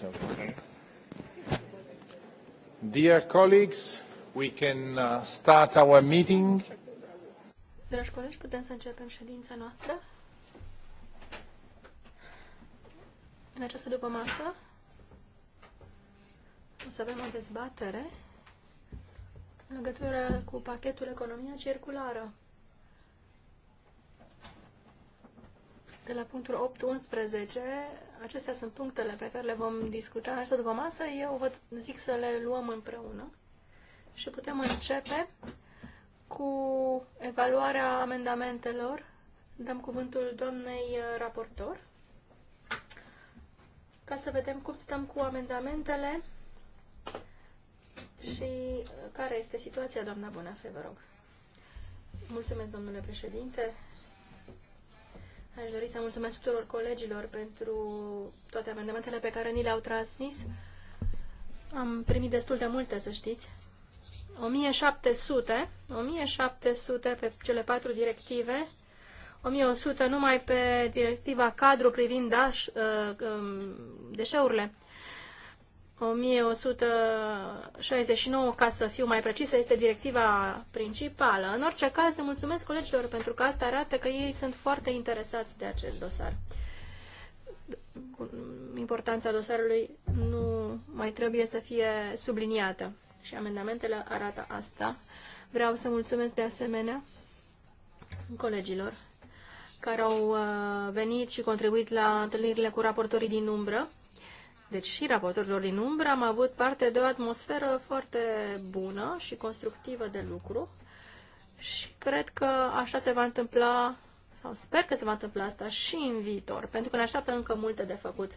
Deci, Dear colleagues, we can uh, start our meeting. Dragi colegi, putem să începem ședința noastră. În această după masă o să avem o dezbatere în legătură cu pachetul economia circulară. de la punctul 8-11, acestea sunt punctele pe care le vom discuta în această după masă. Eu vă zic să le luăm împreună și putem începe cu evaluarea amendamentelor. Dăm cuvântul doamnei uh, raportor ca să vedem cum stăm cu amendamentele și uh, care este situația, doamna Bunafe, vă rog. Mulțumesc, domnule președinte. Aș dori să mulțumesc tuturor colegilor pentru toate amendamentele pe care ni le-au transmis. Am primit destul de multe, să știți. 1700, 1700 pe cele patru directive, 1100 numai pe directiva cadru privind daș, uh, um, deșeurile 1169, ca să fiu mai precisă, este directiva principală. În orice caz, mulțumesc colegilor pentru că asta arată că ei sunt foarte interesați de acest dosar. Importanța dosarului nu mai trebuie să fie subliniată și amendamentele arată asta. Vreau să mulțumesc de asemenea colegilor care au uh, venit și contribuit la întâlnirile cu raportorii din umbră deci și raportorilor din umbră, am avut parte de o atmosferă foarte bună și constructivă de lucru și cred că așa se va întâmpla, sau sper că se va întâmpla asta și în viitor, pentru că ne așteaptă încă multe de făcut.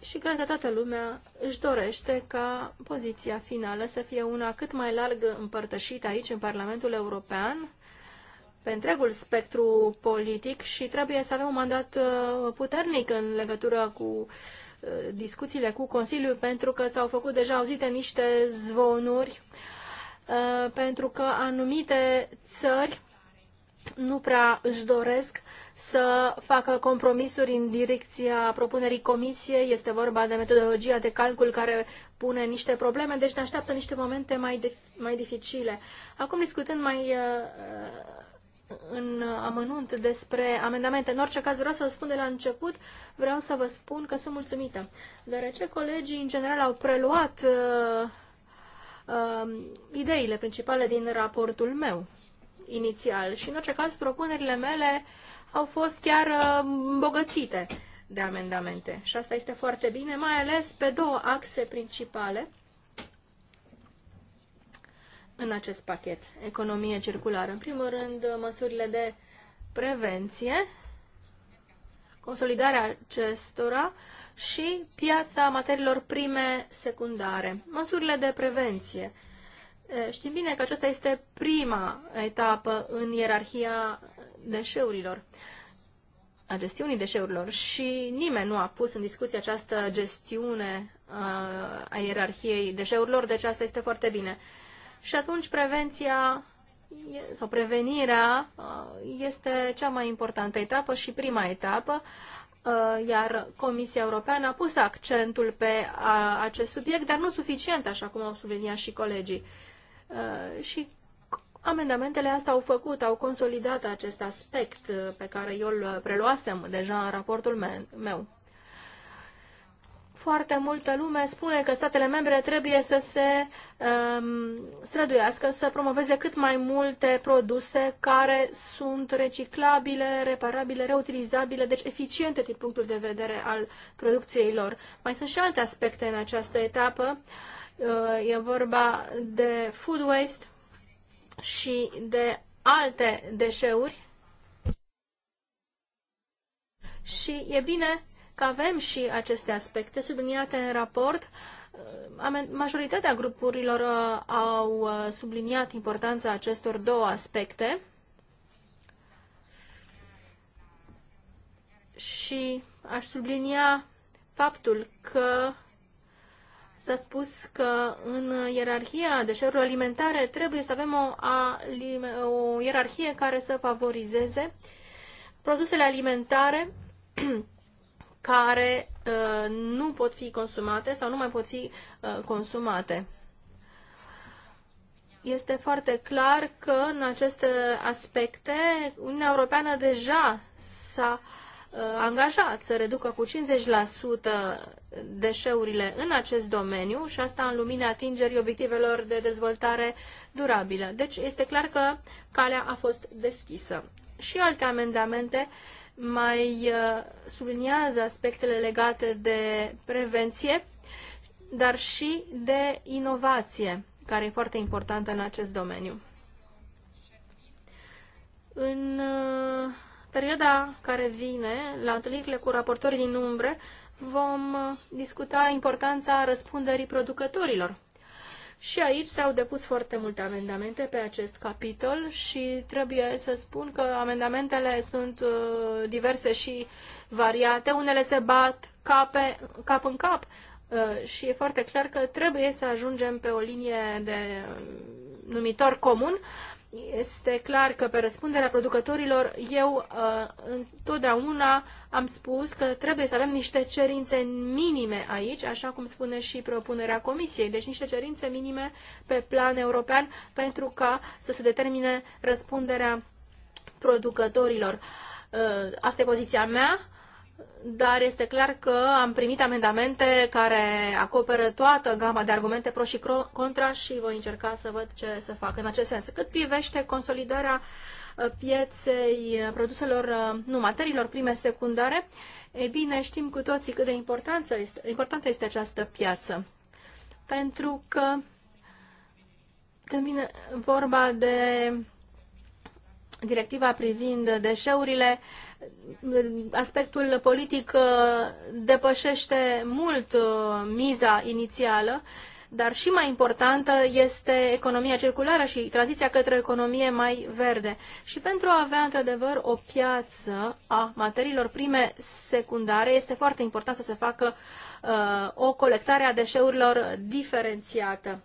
Și cred că toată lumea își dorește ca poziția finală să fie una cât mai larg împărtășită aici, în Parlamentul European, pe întregul spectru politic și trebuie să avem un mandat uh, puternic în legătură cu uh, discuțiile cu Consiliul, pentru că s-au făcut deja auzite niște zvonuri, uh, pentru că anumite țări nu prea își doresc să facă compromisuri în direcția propunerii comisiei. Este vorba de metodologia de calcul care pune niște probleme, deci ne așteaptă niște momente mai, de, mai dificile. Acum, discutând mai în amănunt despre amendamente. În orice caz vreau să vă spun de la început, vreau să vă spun că sunt mulțumită, deoarece colegii în general au preluat uh, uh, ideile principale din raportul meu inițial și în orice caz propunerile mele au fost chiar uh, îmbogățite de amendamente și asta este foarte bine, mai ales pe două axe principale în acest pachet. Economie circulară. În primul rând, măsurile de prevenție, consolidarea acestora și piața materiilor prime secundare. Măsurile de prevenție. Știm bine că aceasta este prima etapă în ierarhia deșeurilor, a gestiunii deșeurilor și nimeni nu a pus în discuție această gestiune a ierarhiei deșeurilor, deci asta este foarte bine și atunci prevenția sau prevenirea uh, este cea mai importantă etapă și prima etapă, uh, iar Comisia Europeană a pus accentul pe acest subiect, dar nu suficient, așa cum au subliniat și colegii. Uh, și amendamentele astea au făcut, au consolidat acest aspect pe care eu îl preluasem deja în raportul meu. Foarte multă lume spune că statele membre trebuie să se um, străduiască să promoveze cât mai multe produse care sunt reciclabile, reparabile, reutilizabile, deci eficiente din punctul de vedere al producției lor. Mai sunt și alte aspecte în această etapă. Uh, e vorba de food waste și de alte deșeuri și e bine că avem și aceste aspecte subliniate în raport. Uh, majoritatea grupurilor uh, au uh, subliniat importanța acestor două aspecte și aș sublinia faptul că s-a spus că în ierarhia deșeurilor alimentare trebuie să avem o, o ierarhie care să favorizeze produsele alimentare care uh, nu pot fi consumate sau nu mai pot fi uh, consumate. Este foarte clar că în aceste aspecte Uniunea Europeană deja s-a uh, angajat să reducă cu 50% deșeurile în acest domeniu și asta în lumina atingerii obiectivelor de dezvoltare durabilă. Deci este clar că calea a fost deschisă. Și alte amendamente uh, mai uh, subliniază aspectele legate de prevenție, dar și de inovație, care e foarte importantă în acest domeniu. În uh, perioada care vine, la întâlnirile cu raportorii din umbre, vom uh, discuta importanța răspunderii producătorilor și aici s-au depus foarte multe amendamente pe acest capitol și trebuie să spun că amendamentele sunt uh, diverse și variate. Unele se bat pe, cap în cap uh, și e foarte clar că trebuie să ajungem pe o linie de numitor comun este clar că pe răspunderea producătorilor eu uh, întotdeauna am spus că trebuie să avem niște cerințe minime aici, așa cum spune și propunerea Comisiei, deci niște cerințe minime pe plan european pentru ca să se determine răspunderea producătorilor. Uh, asta e poziția mea dar este clar că am primit amendamente care acoperă toată gama de argumente pro și contra și voi încerca să văd ce să fac în acest sens. Cât privește consolidarea uh, pieței uh, produselor, uh, nu, materiilor prime secundare, e bine, știm cu toții cât de importanță este, importantă este această piață. Pentru că când vine vorba de directiva privind deșeurile, aspectul politic uh, depășește mult uh, miza inițială, dar și mai importantă este economia circulară și tranziția către o economie mai verde. Și pentru a avea într-adevăr o piață a materiilor prime secundare, este foarte important să se facă uh, o colectare a deșeurilor diferențiată.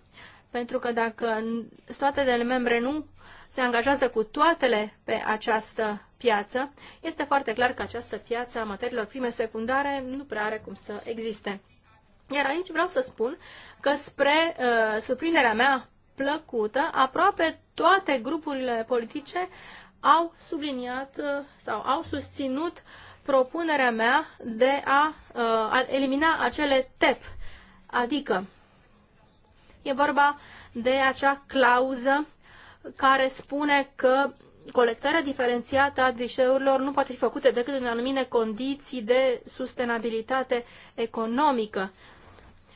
Pentru că dacă statele membre nu se angajează cu toatele pe această piață, este foarte clar că această piață a materiilor prime secundare nu prea are cum să existe. Iar aici vreau să spun că spre uh, surprinderea mea plăcută, aproape toate grupurile politice au subliniat uh, sau au susținut propunerea mea de a, uh, a elimina acele TEP, adică e vorba de acea clauză care spune că colectarea diferențiată a deșeurilor nu poate fi făcută decât în anumite condiții de sustenabilitate economică.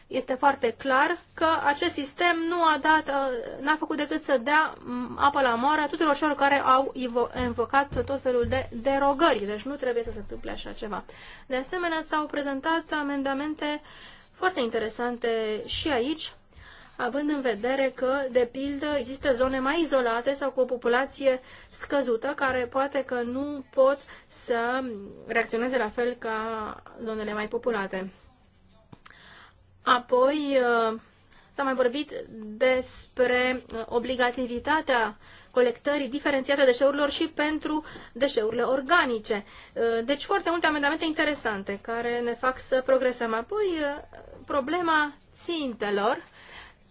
Este foarte clar că acest sistem nu a dat, n-a făcut decât să dea apă la moară tuturor celor care au invocat tot felul de derogări. Deci nu trebuie să se întâmple așa ceva. De asemenea, s-au prezentat amendamente foarte interesante și aici având în vedere că, de pildă, există zone mai izolate sau cu o populație scăzută, care poate că nu pot să reacționeze la fel ca zonele mai populate. Apoi, uh, s-a mai vorbit despre uh, obligativitatea colectării diferențiate deșeurilor și pentru deșeurile organice. Uh, deci foarte multe amendamente interesante care ne fac să progresăm. Apoi problema țintelor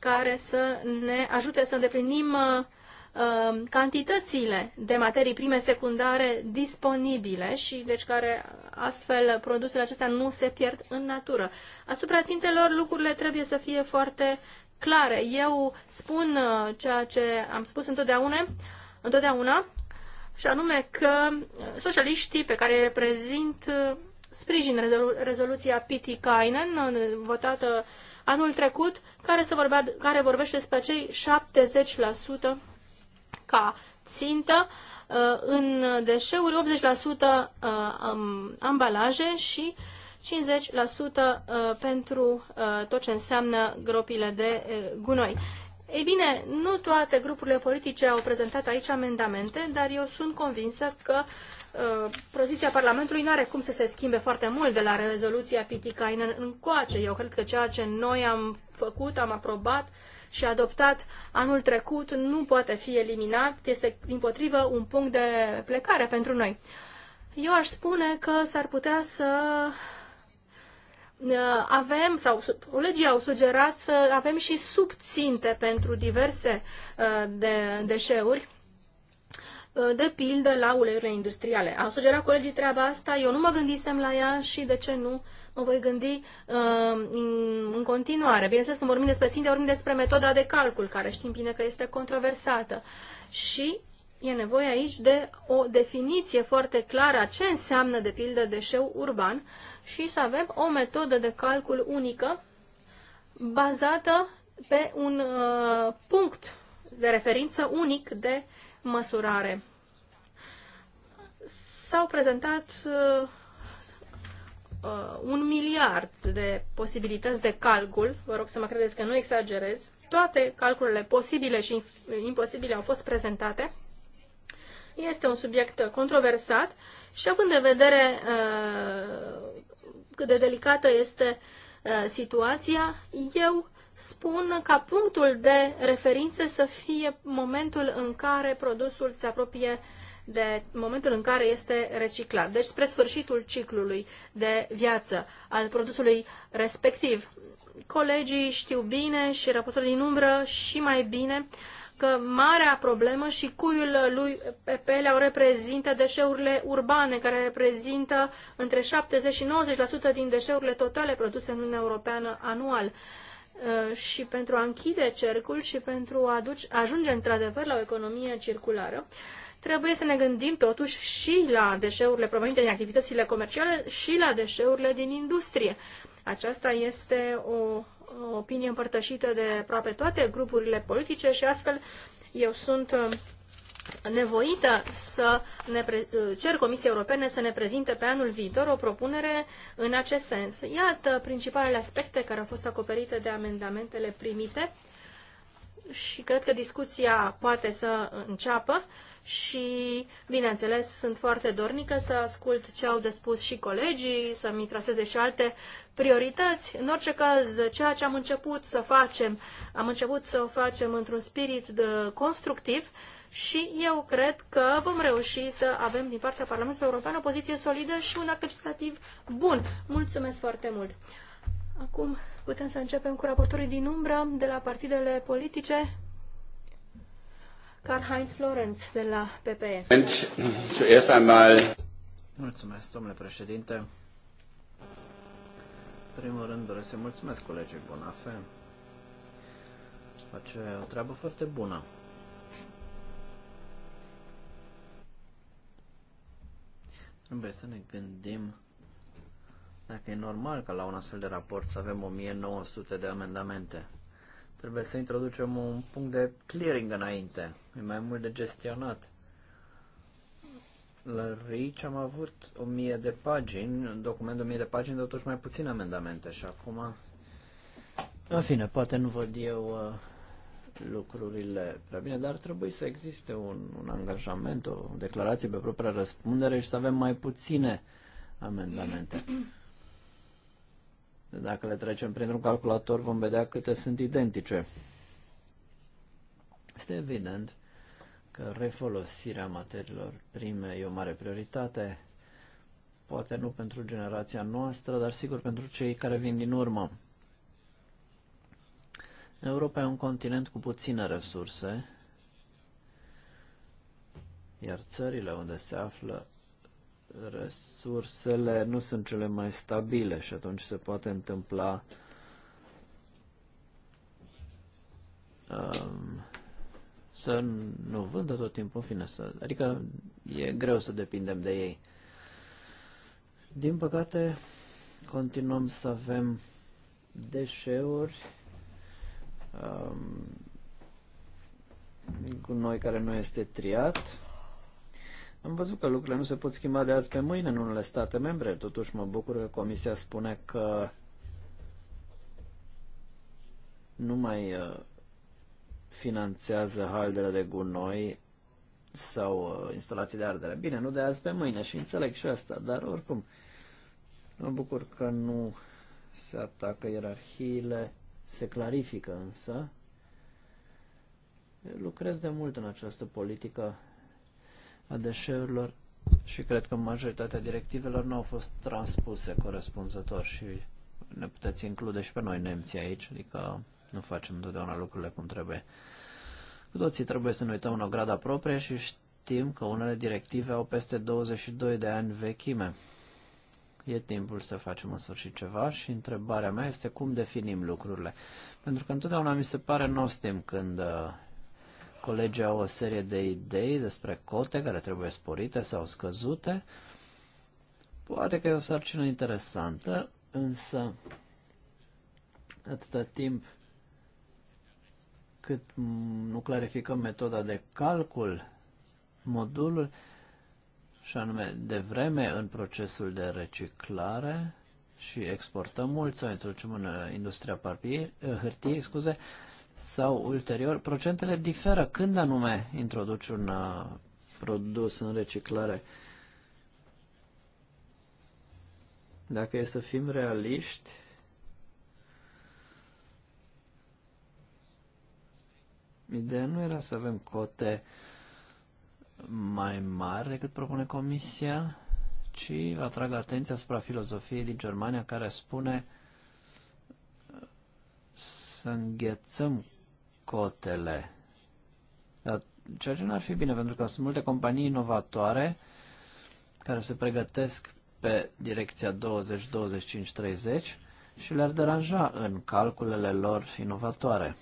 care să ne ajute să îndeplinim uh, uh, cantitățile de materii prime secundare disponibile și deci care astfel produsele acestea nu se pierd în natură. Asupra țintelor lucrurile trebuie să fie foarte clare. Eu spun uh, ceea ce am spus întotdeauna, întotdeauna și anume că socialiștii pe care reprezint sprijin rezolu rezoluția Piti Kainen votată anul trecut, care, se vorbea, care vorbește despre cei 70% ca țintă uh, în deșeuri, 80% uh, ambalaje și 50% uh, pentru tot ce înseamnă gropile de gunoi. Ei bine, nu toate grupurile politice au prezentat aici amendamente, dar eu sunt convinsă că uh, Uh, poziția Parlamentului nu are cum să se schimbe foarte mult de la rezoluția Pitikainen încoace. Eu cred că ceea ce noi am făcut, am aprobat și adoptat anul trecut nu poate fi eliminat, este din potrivă un punct de plecare pentru noi. Eu aș spune că s-ar putea să uh, avem, sau colegii au sugerat să avem și subținte pentru diverse uh, de deșeuri Uh, de pildă la uleiurile industriale. Au sugerat colegii treaba asta, eu nu mă gândisem la ea și de ce nu mă voi gândi uh, în, continuare. Bineînțeles, când vorbim despre ținte, vorbim despre metoda de calcul, care știm bine că este controversată. Și e nevoie aici de o definiție foarte clară a ce înseamnă, de pildă, deșeu urban și să avem o metodă de calcul unică bazată pe un uh, punct de referință unic de măsurare. S-au prezentat uh, uh, un miliard de posibilități de calcul, vă rog să mă credeți că nu exagerez, toate calculele posibile și imposibile au fost prezentate. Este un subiect controversat și având în vedere uh, cât de delicată este uh, situația, eu spun ca punctul de referință să fie momentul în care produsul se apropie de momentul în care este reciclat, deci spre sfârșitul ciclului de viață al produsului respectiv. Colegii știu bine și raportul din umbră și mai bine că marea problemă și cuiul lui PPL o reprezintă deșeurile urbane, care reprezintă între 70 și 90% din deșeurile totale produse în Uniunea Europeană anual. Uh, și pentru a închide cercul și pentru a aduce, ajunge într-adevăr la o economie circulară, trebuie să ne gândim totuși și la deșeurile provenite din activitățile comerciale și la deșeurile din industrie. Aceasta este o, o opinie împărtășită de aproape toate grupurile politice și astfel eu sunt uh, nevoită să ne pre- cer Comisiei Europene să ne prezinte pe anul viitor o propunere în acest sens. Iată principalele aspecte care au fost acoperite de amendamentele primite și cred că discuția poate să înceapă și, bineînțeles, sunt foarte dornică să ascult ce au de spus și colegii, să-mi traseze și alte priorități. În orice caz, ceea ce am început să facem, am început să o facem într-un spirit de constructiv, și eu cred că vom reuși să avem din partea Parlamentului European o poziție solidă și un act legislativ bun. Mulțumesc foarte mult! Acum putem să începem cu raportorii din umbră de la partidele politice. Karl-Heinz Florenz de la PPE. Mulțumesc, domnule președinte. În primul rând doresc să mulțumesc colegii Bonafe. Face o treabă foarte bună. Trebuie să ne gândim dacă e normal ca la un astfel de raport să avem 1900 de amendamente. Trebuie să introducem un punct de clearing înainte. E mai mult de gestionat. La RICI am avut 1000 de pagini, un document de 1000 de pagini, totuși mai puține amendamente și acum... În fine, poate nu văd eu uh, lucrurile prea bine, dar trebuie să existe un, un angajament, o declarație pe propria răspundere și să avem mai puține amendamente. Dacă le trecem printr-un calculator, vom vedea câte sunt identice. Este evident că refolosirea materiilor prime e o mare prioritate, poate nu pentru generația noastră, dar sigur pentru cei care vin din urmă. Europa e un continent cu puține resurse, iar țările unde se află resursele nu sunt cele mai stabile și atunci se poate întâmpla um, să nu vândă tot timpul, fine, să, adică e greu să depindem de ei. Din păcate, continuăm să avem deșeuri Um, cu gunoi care nu este triat. Am văzut că lucrurile nu se pot schimba de azi pe mâine în unele state membre, totuși mă bucur că Comisia spune că nu mai uh, finanțează haldele de gunoi sau uh, instalații de ardere. Bine, nu de azi pe mâine și înțeleg și asta, dar oricum mă bucur că nu se atacă ierarhiile se clarifică însă. lucrez de mult în această politică a deșeurilor și cred că majoritatea directivelor nu au fost transpuse corespunzător și ne puteți include și pe noi nemții aici, adică nu facem întotdeauna lucrurile cum trebuie. Cu toții trebuie să ne uităm în ograda proprie și știm că unele directive au peste 22 de ani vechime e timpul să facem în sfârșit ceva și întrebarea mea este cum definim lucrurile. Pentru că întotdeauna mi se pare nostim când uh, colegii au o serie de idei despre cote care trebuie sporite sau scăzute. Poate că e o sarcină interesantă, însă atâta timp cât nu clarificăm metoda de calcul, modulul, și anume de vreme în procesul de reciclare și exportăm mult sau introducem în uh, industria papier, uh, hârtiei, scuze, sau ulterior, procentele diferă când anume introduci un uh, produs în reciclare. Dacă e să fim realiști, ideea nu era să avem cote uh, mai mari decât propune Comisia, ci atrag atenția asupra filozofiei din Germania care spune să înghețăm cotele. Ceea ce nu ar fi bine, pentru că sunt multe companii inovatoare care se pregătesc pe direcția 20, 25, 30 și le-ar deranja în calculele lor inovatoare.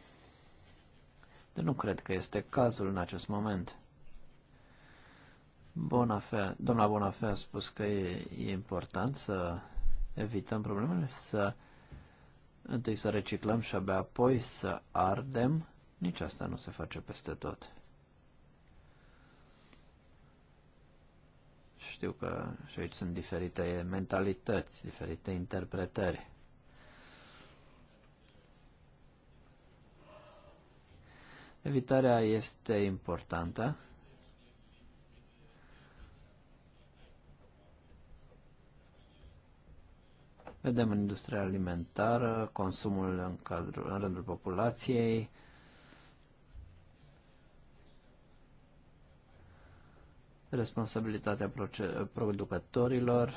Deci nu cred că este cazul în acest moment. Bonafea, doamna Bonafe a spus că e, e important să evităm problemele, să întâi să reciclăm și abia apoi să ardem. Nici asta nu se face peste tot. Știu că și aici sunt diferite mentalități, diferite interpretări. Evitarea este importantă Vedem în industria alimentară, consumul în, cadrul, în rândul populației, responsabilitatea producătorilor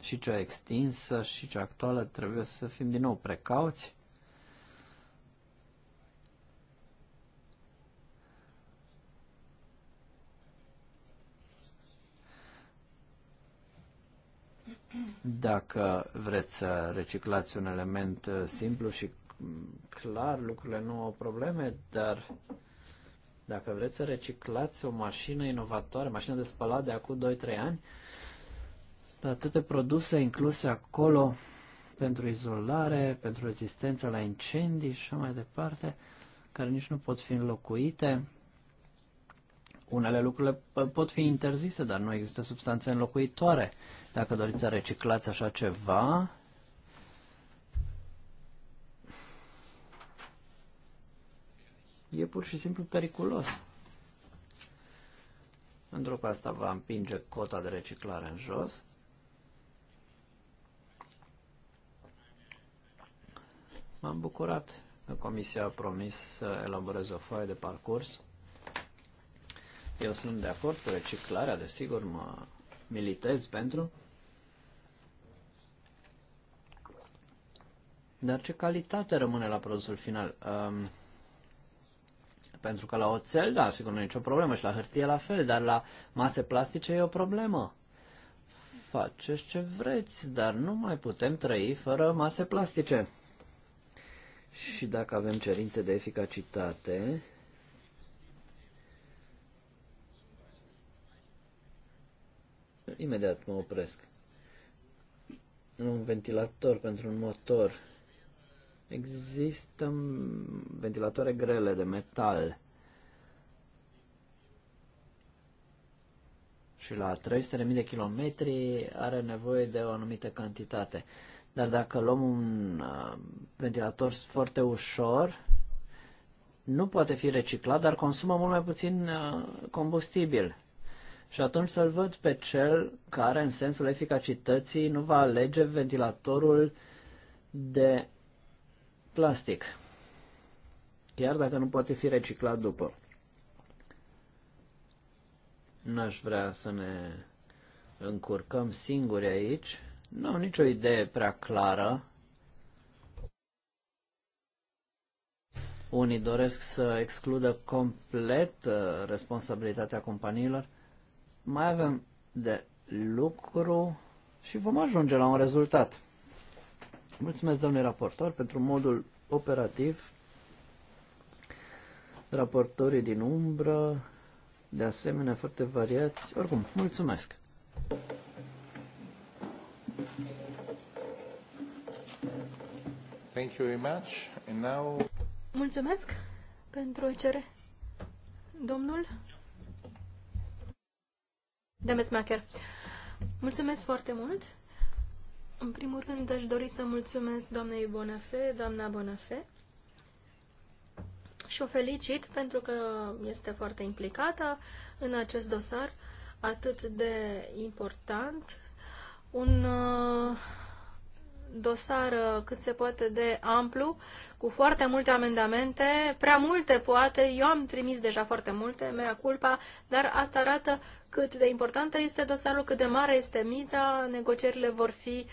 și cea extinsă și cea actuală trebuie să fim din nou precauți Dacă vreți să reciclați un element uh, simplu și mm, clar, lucrurile nu au probleme, dar dacă vreți să reciclați o mașină inovatoare, mașină de spălat de acum 2-3 ani, sunt atâtea produse incluse acolo pentru izolare, pentru rezistența la incendii și așa mai departe, care nici nu pot fi înlocuite. Unele lucruri pot fi interzise, dar nu există substanțe înlocuitoare. Dacă doriți să reciclați așa ceva, e pur și simplu periculos. Pentru că asta va împinge cota de reciclare în jos. M-am bucurat că Comisia a promis să elaboreze o foaie de parcurs eu sunt de acord cu reciclarea, desigur, mă militez pentru. Dar ce calitate rămâne la produsul final? Um, pentru că la oțel, da, sigur, nu e nicio problemă și la hârtie la fel, dar la mase plastice e o problemă. Faceți ce vreți, dar nu mai putem trăi fără mase plastice. Și dacă avem cerințe de eficacitate, imediat mă opresc. Un ventilator pentru un motor. Există mm, ventilatoare grele de metal. Și la 300.000 de kilometri are nevoie de o anumită cantitate. Dar dacă luăm un uh, ventilator foarte ușor, nu poate fi reciclat, dar consumă mult mai puțin uh, combustibil și atunci să-l văd pe cel care, în sensul eficacității, nu va alege ventilatorul de plastic, chiar dacă nu poate fi reciclat după. N-aș vrea să ne încurcăm singuri aici. Nu am nicio idee prea clară. Unii doresc să excludă complet uh, responsabilitatea companiilor. Mai avem de lucru și vom ajunge la un rezultat. Mulțumesc, domnule raportor, pentru modul operativ. Raportorii din umbră, de asemenea, foarte variați. Oricum, mulțumesc! Thank you very much. And now... Mulțumesc pentru cere. Domnul Mulțumesc foarte mult! În primul rând, aș dori să mulțumesc doamnei Bonafe, doamna Bonafe, și o felicit pentru că este foarte implicată în acest dosar atât de important, un uh, dosar cât se poate de amplu, cu foarte multe amendamente, prea multe poate, eu am trimis deja foarte multe, mea culpa, dar asta arată cât de importantă este dosarul, cât de mare este miza, negocierile vor fi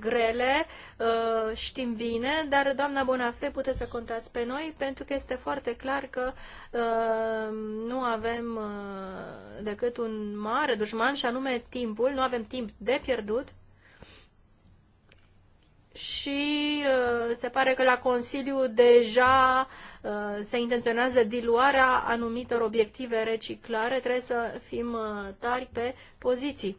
grele, uh, știm bine, dar doamna Bonafe puteți să contați pe noi pentru că este foarte clar că uh, nu avem uh, decât un mare dușman și anume timpul, nu avem timp de pierdut și uh, se pare că la Consiliu deja uh, se intenționează diluarea anumitor obiective reciclare. Trebuie să fim uh, tari pe poziții.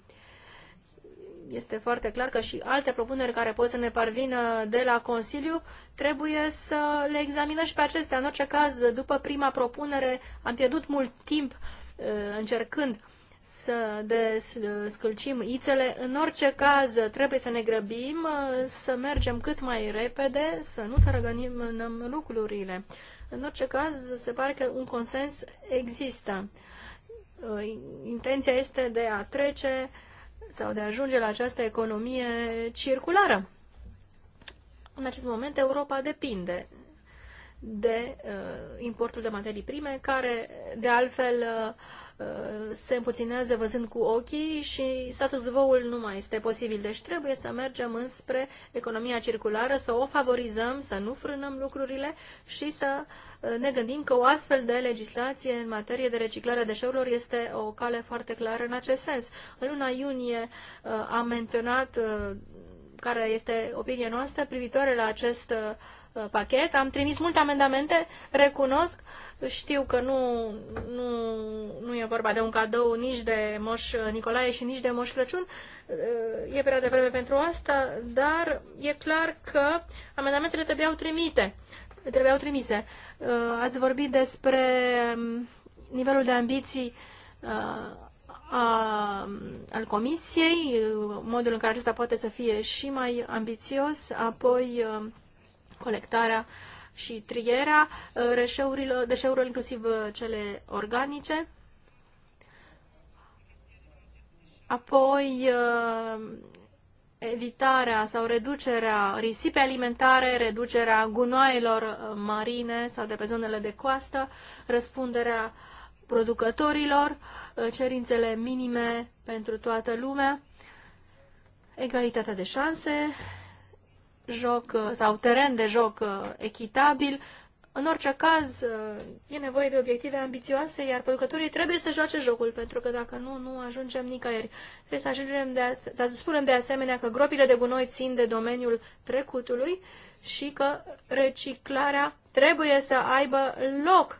Este foarte clar că și alte propuneri care pot să ne parvină de la Consiliu trebuie să le examinăm și pe acestea. În orice caz, după prima propunere am pierdut mult timp încercând să desculcim ițele. În orice caz, trebuie să ne grăbim, să mergem cât mai repede, să nu tărăgănim în lucrurile. În orice caz, se pare că un consens există. Uh, intenția este de a trece sau de a ajunge la această economie circulară. În acest moment, Europa depinde de uh, importul de materii prime, care, de altfel, uh, Uh, se împuținează văzând cu ochii și status voul nu mai este posibil. Deci trebuie să mergem înspre economia circulară, să o favorizăm, să nu frânăm lucrurile și să uh, ne gândim că o astfel de legislație în materie de reciclare deșeurilor este o cale foarte clară în acest sens. În luna iunie uh, am menționat care este opinia noastră privitoare la acest uh, Uh, pachet. Am trimis multe amendamente, recunosc, știu că nu, nu, nu e vorba de un cadou nici de Moș Nicolae și nici de Moș Crăciun, uh, e prea devreme pentru asta, dar e clar că amendamentele trebuiau trimite. Trebuiau trimise. Uh, ați vorbit despre um, nivelul de ambiții a, al Comisiei, modul în care acesta poate să fie și mai ambițios, apoi colectarea și trierea uh, reșeurilor, deșeurilor, inclusiv uh, cele organice. Apoi, uh, evitarea sau reducerea risipei alimentare, reducerea gunoaielor marine sau de pe zonele de coastă, răspunderea producătorilor, cerințele minime pentru toată lumea, egalitatea de șanse, joc uh, sau teren de joc uh, echitabil. În orice caz, uh, e nevoie de obiective ambițioase, iar producătorii trebuie să joace jocul, pentru că dacă nu, nu ajungem nicăieri. Trebuie să, ajungem de să spunem de asemenea că gropile de gunoi țin de domeniul trecutului și că reciclarea trebuie să aibă loc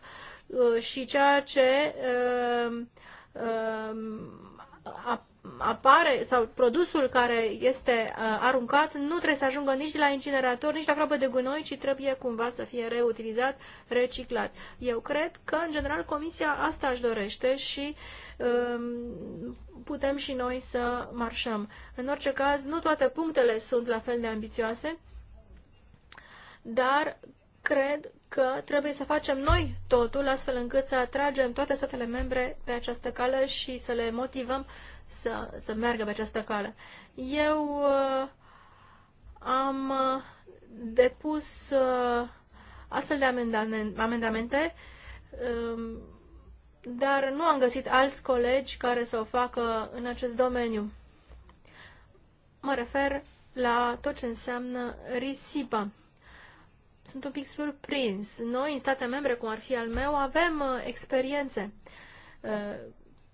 și ceea ce uh, uh, apare sau produsul care este uh, aruncat nu trebuie să ajungă nici la incinerator, nici la groapă de gunoi, ci trebuie cumva să fie reutilizat, reciclat. Eu cred că, în general, Comisia asta își dorește și um, putem și noi să marșăm. În orice caz, nu toate punctele sunt la fel de ambițioase, dar cred că trebuie să facem noi totul astfel încât să atragem toate statele membre pe această cale și să le motivăm să, să meargă pe această cale. Eu uh, am uh, depus uh, astfel de amendamente, amendamente, um, uh, dar nu am găsit alți colegi care să o facă în acest domeniu. Mă refer la tot ce înseamnă risipă. Sunt un pic surprins. Noi, în state membre, cum ar fi al meu, avem uh, experiențe uh,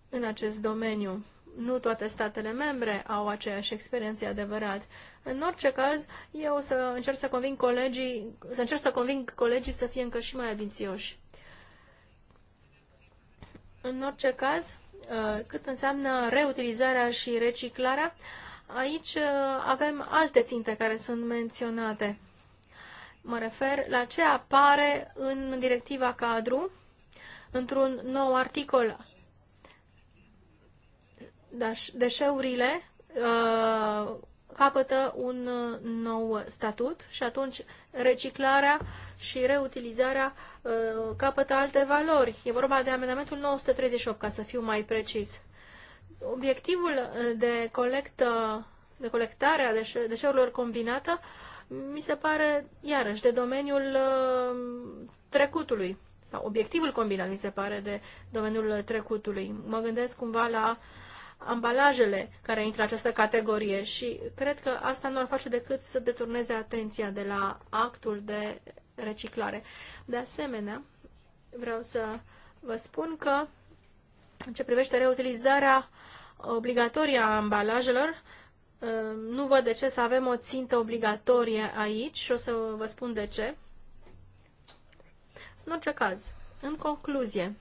în acest domeniu nu toate statele membre au aceeași experiență adevărat. În orice caz, eu o să încerc să conving colegii, să încerc să conving colegii să fie încă și mai abințioși. În orice caz, uh, cât înseamnă reutilizarea și reciclarea, aici uh, avem alte ținte care sunt menționate. Mă refer la ce apare în directiva cadru, într-un nou articol deșeurile uh, capătă un uh, nou statut și atunci reciclarea și reutilizarea uh, capătă alte valori. E vorba de amendamentul 938, ca să fiu mai precis. Obiectivul de, colectă, de colectare a deșe deșeurilor combinată mi se pare, iarăși, de domeniul uh, trecutului sau obiectivul combinat mi se pare de domeniul trecutului. Mă gândesc cumva la uh, ambalajele care intră în această categorie și cred că asta nu ar face decât să deturneze atenția de la actul de reciclare. De asemenea, vreau să vă spun că în ce privește reutilizarea obligatorie a ambalajelor, ă, nu văd de ce să avem o țintă obligatorie aici și o să vă spun de ce. În orice caz, în concluzie,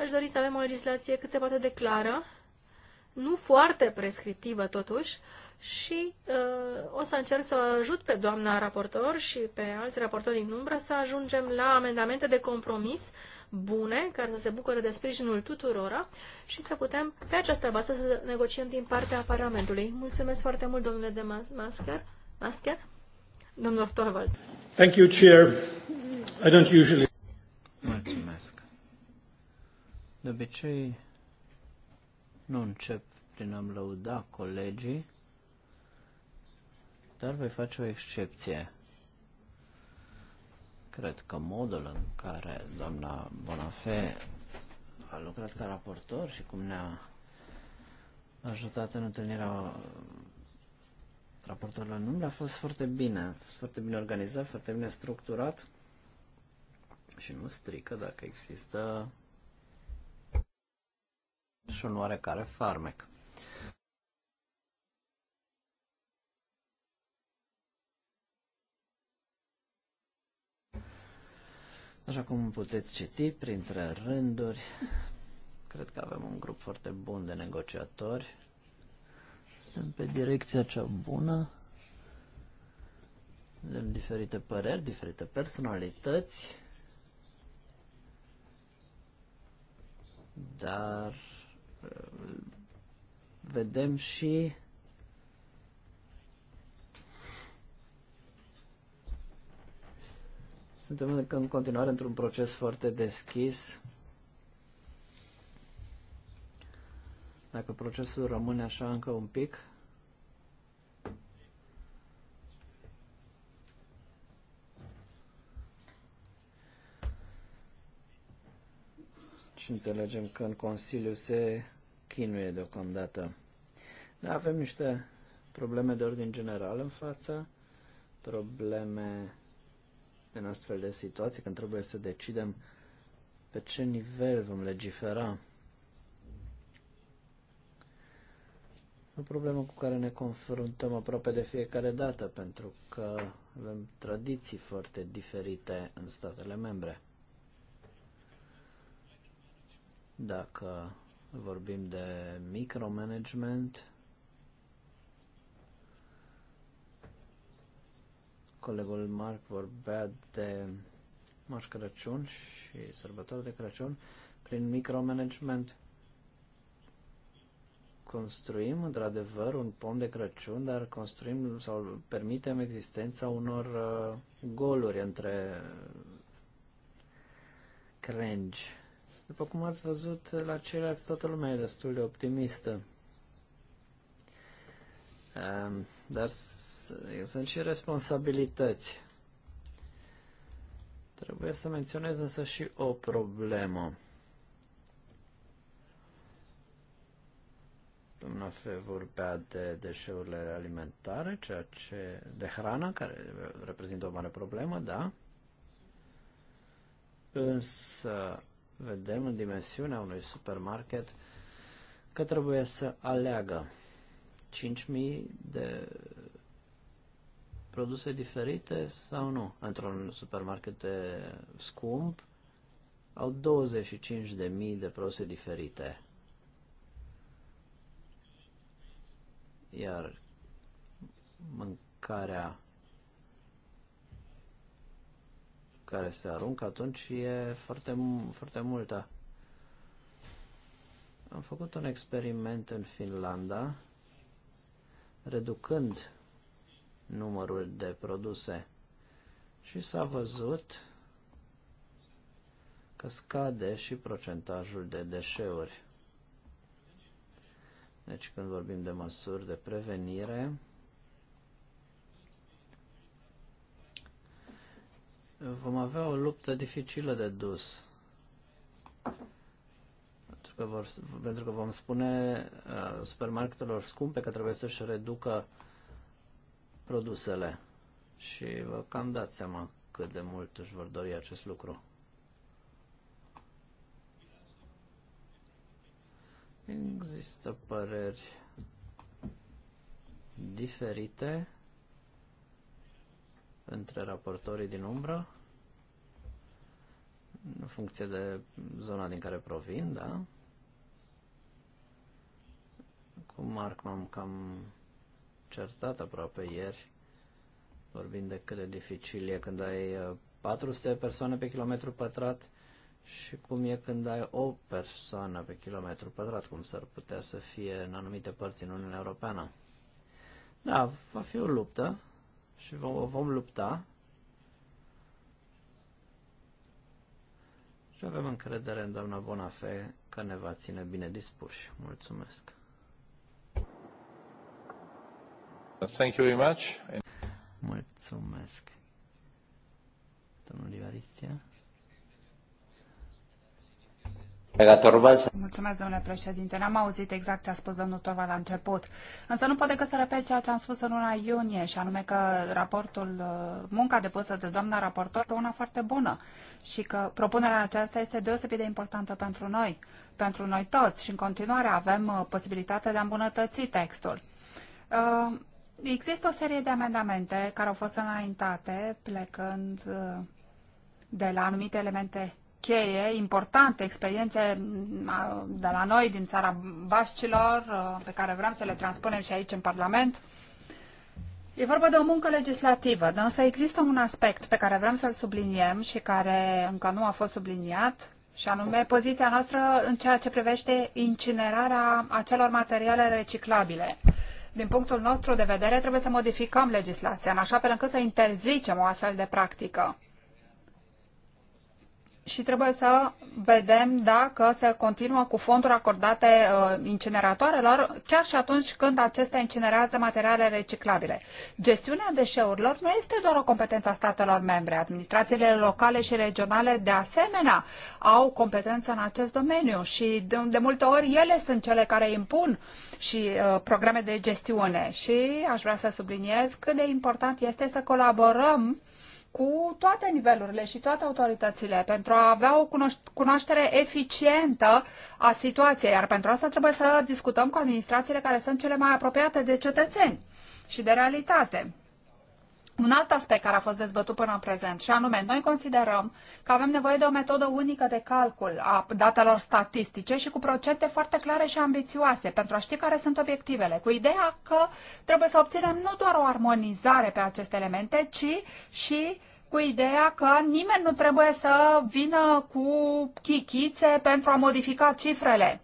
aș dori să avem o legislație cât se poate de clară, nu foarte prescriptivă totuși, și uh, o să încerc să ajut pe doamna raportor și pe alți raportori din umbră să ajungem la amendamente de compromis bune, care să se bucure de sprijinul tuturora și să putem pe această bază să negociem din partea Parlamentului. Mulțumesc foarte mult, domnule de Masker. Masker? Domnul Torvald. Thank you, Chair. I don't usually... Mulțumesc. De obicei, nu încep prin a-mi lăuda colegii, dar voi face o excepție. Cred că modul în care doamna Bonafé a lucrat ca raportor și cum ne-a ajutat în întâlnirea raportorilor în umbră a fost foarte bine. A fost foarte bine organizat, foarte bine structurat și nu strică dacă există și un oarecare farmec. Așa cum puteți citi printre rânduri, cred că avem un grup foarte bun de negociatori. Suntem pe direcția cea bună. Avem diferite păreri, diferite personalități. Dar vedem și suntem în continuare într-un proces foarte deschis. Dacă procesul rămâne așa încă un pic, și înțelegem că în Consiliu se chinuie deocamdată. Ne avem niște probleme de ordin general în față, probleme în astfel de situații, când trebuie să decidem pe ce nivel vom legifera. O problemă cu care ne confruntăm aproape de fiecare dată, pentru că avem tradiții foarte diferite în statele membre. Dacă vorbim de micromanagement, colegul Mark vorbea de Moș Crăciun și sărbători de Crăciun, prin micromanagement construim într-adevăr un pom de Crăciun, dar construim sau permitem existența unor uh, goluri între uh, crengi. După cum ați văzut, la ceilalți toată lumea e destul de optimistă. Dar sunt și responsabilități. Trebuie să menționez însă și o problemă. Doamna Fe vorbea de deșeurile alimentare, ceea ce, de hrană, care reprezintă o mare problemă, da? Însă vedem în dimensiunea unui supermarket că trebuie să aleagă 5.000 de produse diferite sau nu. Într-un supermarket scump au 25.000 de produse diferite. Iar mâncarea care se aruncă, atunci e foarte, foarte multă. Am făcut un experiment în Finlanda, reducând numărul de produse și s-a văzut că scade și procentajul de deșeuri. Deci când vorbim de măsuri de prevenire, vom avea o luptă dificilă de dus. Pentru că, vor, pentru că vom spune uh, supermarketelor scumpe că trebuie să-și reducă produsele. Și vă cam dați seama cât de mult își vor dori acest lucru. Există păreri diferite între raportorii din umbră, în funcție de zona din care provin, da? Cu Mark m-am cam certat aproape ieri, vorbind de cât de dificil e când ai 400 uh, persoane pe kilometru pătrat și cum e când ai o persoană pe kilometru pătrat, cum s-ar putea să fie în anumite părți în Uniunea Europeană. Da, va fi o luptă, și vom, vom lupta. Și avem încredere în doamna Bonafe că ne va ține bine dispuși. Mulțumesc! Thank you very much. Mulțumesc. Domnul Ivaristia. Mulțumesc, domnule președinte. N-am auzit exact ce a spus domnul Torva la început, însă nu pot decât să repet ceea ce am spus în luna iunie, și anume că raportul, uh, munca depusă de doamna raportor este una foarte bună și că propunerea aceasta este deosebit de importantă pentru noi, pentru noi toți și în continuare avem uh, posibilitatea de a îmbunătăți textul. Uh, există o serie de amendamente care au fost înaintate plecând de la anumite elemente cheie importante, experiențe de la noi, din țara Bascilor, uh, pe care vrem să le transpunem și aici în Parlament. E vorba de o muncă legislativă, dar însă există un aspect pe care vrem să-l subliniem și care încă nu a fost subliniat, și anume poziția noastră în ceea ce privește incinerarea acelor materiale reciclabile. Din punctul nostru de vedere, trebuie să modificăm legislația în așa fel încât să interzicem o astfel de practică și trebuie să vedem dacă se continuă cu fonduri acordate uh, incineratoarelor, chiar și atunci când acestea incinerează materiale reciclabile. Gestiunea deșeurilor nu este doar o competență a statelor membre. Administrațiile locale și regionale, de asemenea, au competență în acest domeniu și de, de multe ori ele sunt cele care impun și uh, programe de gestiune. Și aș vrea să subliniez cât de important este să colaborăm cu toate nivelurile și toate autoritățile pentru a avea o cunoaștere eficientă a situației, iar pentru asta trebuie să discutăm cu administrațiile care sunt cele mai apropiate de cetățeni și de realitate un alt aspect care a fost dezbătut până în prezent, și anume, noi considerăm că avem nevoie de o metodă unică de calcul a datelor statistice și cu procente foarte clare și ambițioase pentru a ști care sunt obiectivele, cu ideea că trebuie să obținem nu doar o armonizare pe aceste elemente, ci și cu ideea că nimeni nu trebuie să vină cu chichițe pentru a modifica cifrele.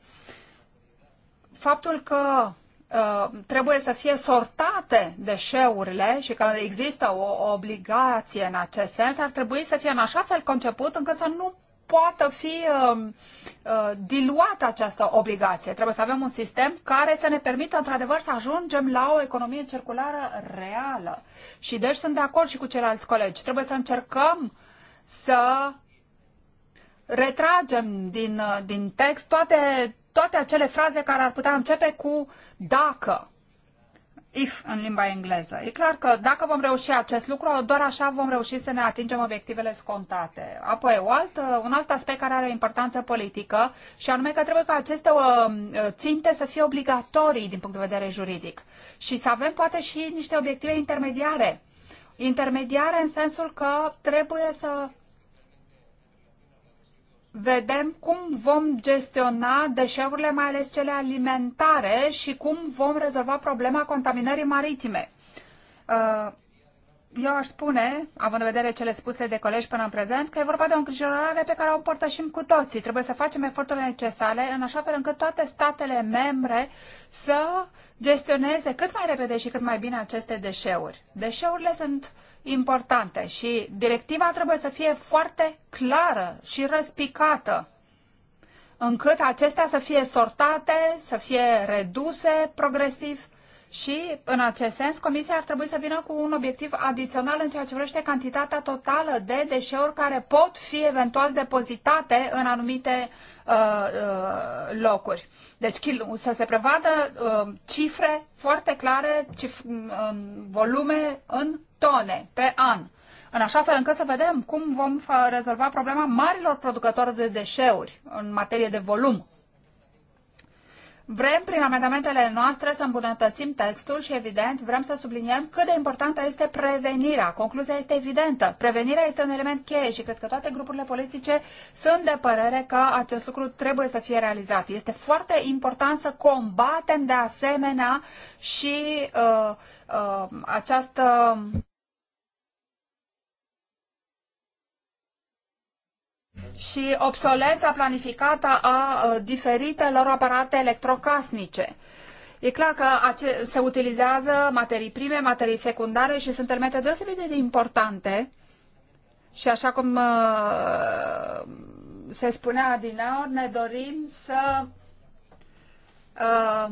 Faptul că Uh, trebuie să fie sortate deșeurile și că există o obligație în acest sens, ar trebui să fie în așa fel conceput încât să nu poată fi uh, uh, diluată această obligație. Trebuie să avem un sistem care să ne permită într-adevăr să ajungem la o economie circulară reală. Și deci sunt de acord și cu ceilalți colegi. Trebuie să încercăm să retragem din, uh, din text toate toate acele fraze care ar putea începe cu dacă, if în limba engleză. E clar că dacă vom reuși acest lucru, doar așa vom reuși să ne atingem obiectivele scontate. Apoi, o altă, un alt aspect care are o importanță politică și anume că trebuie ca aceste uh, uh, ținte să fie obligatorii din punct de vedere juridic și să avem poate și niște obiective intermediare. Intermediare în sensul că trebuie să vedem cum vom gestiona deșeurile, mai ales cele alimentare, și cum vom rezolva problema contaminării maritime. Uh, eu aș spune, având în vedere cele spuse de colegi până în prezent, că e vorba de o îngrijorare pe care o împărtășim cu toții. Trebuie să facem eforturile necesare în așa fel încât toate statele membre să gestioneze cât mai repede și cât mai bine aceste deșeuri. Deșeurile sunt uh, importante și directiva trebuie să fie foarte clară și răspicată încât acestea să fie sortate, să fie reduse progresiv și, în acest sens, Comisia ar trebui să vină cu un obiectiv adițional în ceea ce vrește cantitatea totală de deșeuri care pot fi eventual depozitate în anumite uh, uh, locuri. Deci să se prevadă uh, cifre foarte clare, cif- uh, volume în tone pe an, în așa fel încât să vedem cum vom rezolva problema marilor producători de deșeuri în materie de volum Vrem, prin amendamentele noastre, să îmbunătățim textul și, evident, vrem să subliniem cât de importantă este prevenirea. Concluzia este evidentă. Prevenirea este un element cheie și cred că toate grupurile politice sunt de părere că acest lucru trebuie să fie realizat. Este foarte important să combatem de asemenea și uh, uh, această și obsolența planificată a diferitelor aparate electrocasnice. E clar că se utilizează materii prime, materii secundare și sunt elemente deosebit de importante și așa cum uh, se spunea din ne dorim să uh,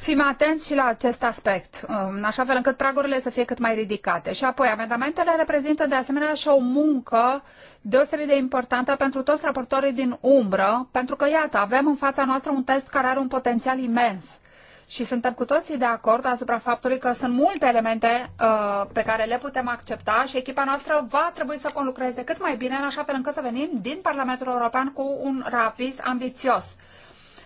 fim atenți și la acest aspect, um, în așa fel încât pragurile să fie cât mai ridicate. Și apoi, amendamentele reprezintă de asemenea și o muncă deosebit de importantă pentru toți raportorii din umbră, pentru că, iată, avem în fața noastră un test care are un potențial imens. Și suntem cu toții de acord asupra faptului că sunt multe elemente uh, pe care le putem accepta și echipa noastră va trebui să conlucreze cât mai bine, în așa fel încât să venim din Parlamentul European cu un aviz ambițios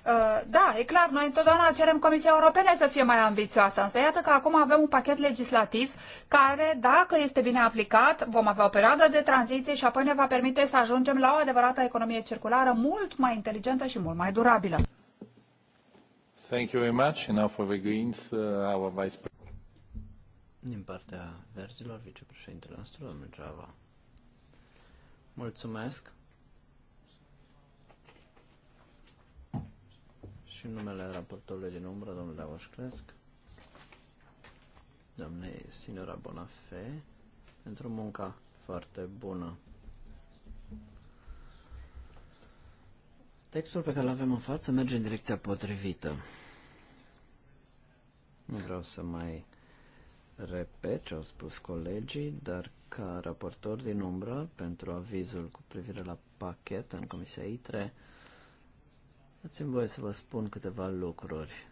Uh, da, e clar, noi întotdeauna cerem Comisia Europene să fie mai ambițioasă, însă iată că acum avem un pachet legislativ care, dacă este bine aplicat, vom avea o perioadă de tranziție și apoi ne va permite să ajungem la o adevărată economie circulară mult mai inteligentă și mult mai durabilă. Thank you very much. now for the Greens, uh, our vice din partea verzilor, vicepreședintele nostru, domnul Java. Mulțumesc. și în numele raportorului din umbră, domnul Leoș Cresc, doamnei Sinora Bonafe, pentru munca foarte bună. Textul pe care l avem în față merge în direcția potrivită. Nu vreau să mai repet ce au spus colegii, dar ca raportor din umbră pentru avizul cu privire la pachet în Comisia ITRE, Dați-mi voie să vă spun câteva lucruri.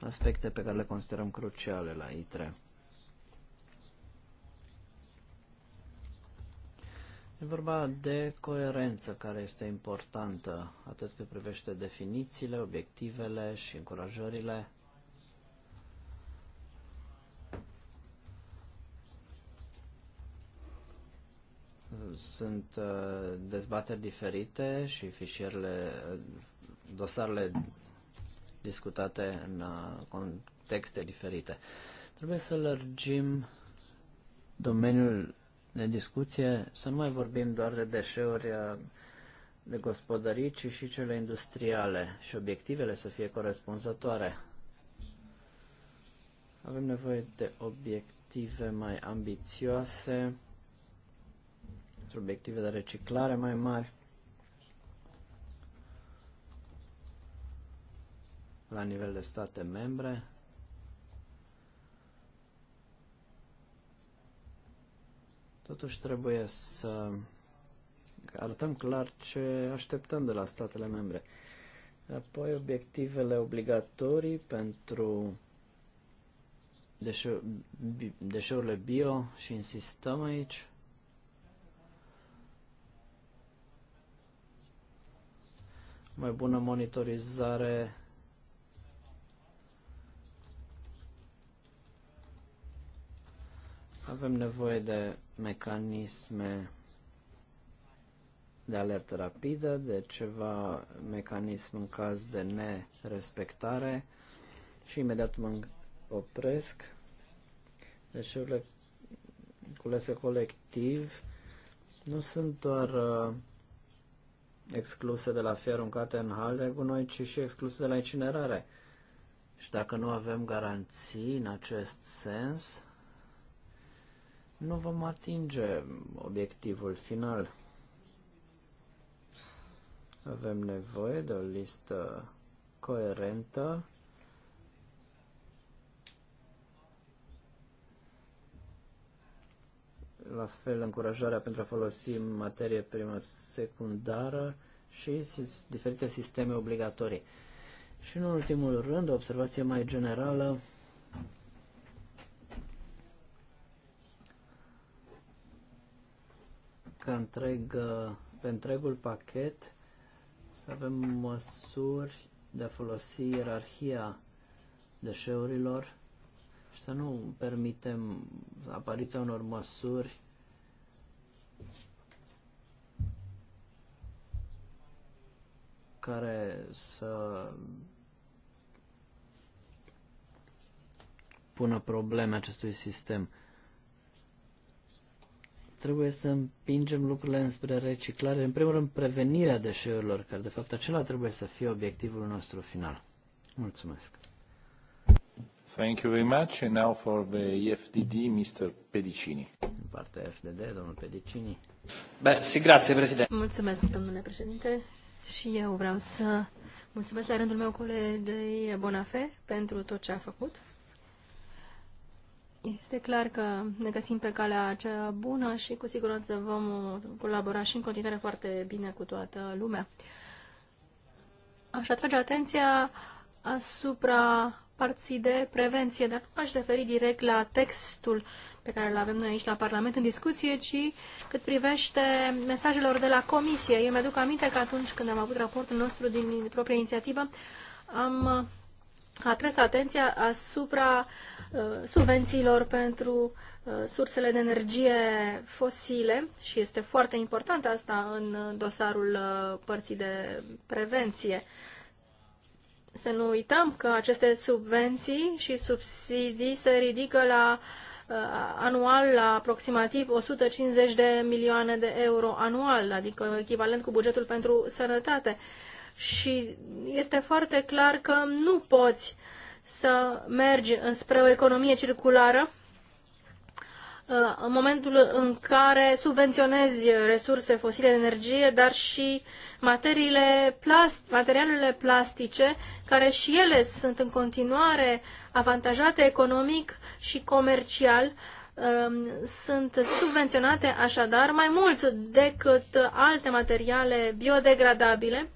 Aspecte pe care le considerăm cruciale la ITRE. E vorba de coerență care este importantă, atât cât privește definițiile, obiectivele și încurajările sunt uh, dezbateri diferite și fișierele, uh, dosarele discutate în uh, contexte diferite. Trebuie să lărgim domeniul de discuție, să nu mai vorbim doar de deșeuri de gospodării, ci și cele industriale și obiectivele să fie corespunzătoare. Avem nevoie de obiective mai ambițioase pentru obiective de reciclare mai mari la nivel de state membre. Totuși trebuie să arătăm clar ce așteptăm de la statele membre. Apoi obiectivele obligatorii pentru deșeurile bio și insistăm aici. mai bună monitorizare avem nevoie de mecanisme de alertă rapidă, de ceva mecanism în caz de nerespectare și imediat mă opresc. Deșeurile culese colectiv nu sunt doar uh, excluse de la fie aruncate în hal de gunoi, ci și excluse de la incinerare. Și dacă nu avem garanții în acest sens, nu vom atinge obiectivul final. Avem nevoie de o listă coerentă la fel încurajarea pentru a folosi materie primă secundară și diferite sisteme obligatorii. Și în ultimul rând, o observație mai generală, ca întreg, pe întregul pachet să avem măsuri de a folosi ierarhia deșeurilor și să nu permitem apariția unor măsuri care să pună probleme acestui sistem. Trebuie să împingem lucrurile înspre reciclare, în primul rând prevenirea deșeurilor, care de fapt acela trebuie să fie obiectivul nostru final. Mulțumesc! Thank you very much. And now for the FDD, Mr. Pedicini. Din partea FDD, domnul Pedicini. Bă, grazie, președinte. Mulțumesc, domnule președinte. Și eu vreau să mulțumesc la rândul meu colegei Bonafe pentru tot ce a făcut. Este clar că ne găsim pe calea cea bună și cu siguranță vom colabora și în continuare foarte bine cu toată lumea. Aș atrage atenția asupra părții de prevenție, dar nu aș referi direct la textul pe care îl avem noi aici la Parlament în discuție, ci cât privește mesajelor de la Comisie. Eu mi-aduc aminte că atunci când am avut raportul nostru din propria inițiativă, am atras atenția asupra uh, subvențiilor pentru uh, sursele de energie fosile și este foarte important asta în dosarul uh, părții de prevenție să nu uităm că aceste subvenții și subsidii se ridică la uh, anual la aproximativ 150 de milioane de euro anual, adică echivalent cu bugetul pentru sănătate. Și este foarte clar că nu poți să mergi înspre o economie circulară Uh, în momentul în care subvenționezi resurse fosile de energie, dar și materiile plast, materialele plastice, care și ele sunt în continuare avantajate economic și comercial, um, sunt subvenționate așadar mai mult decât alte materiale biodegradabile.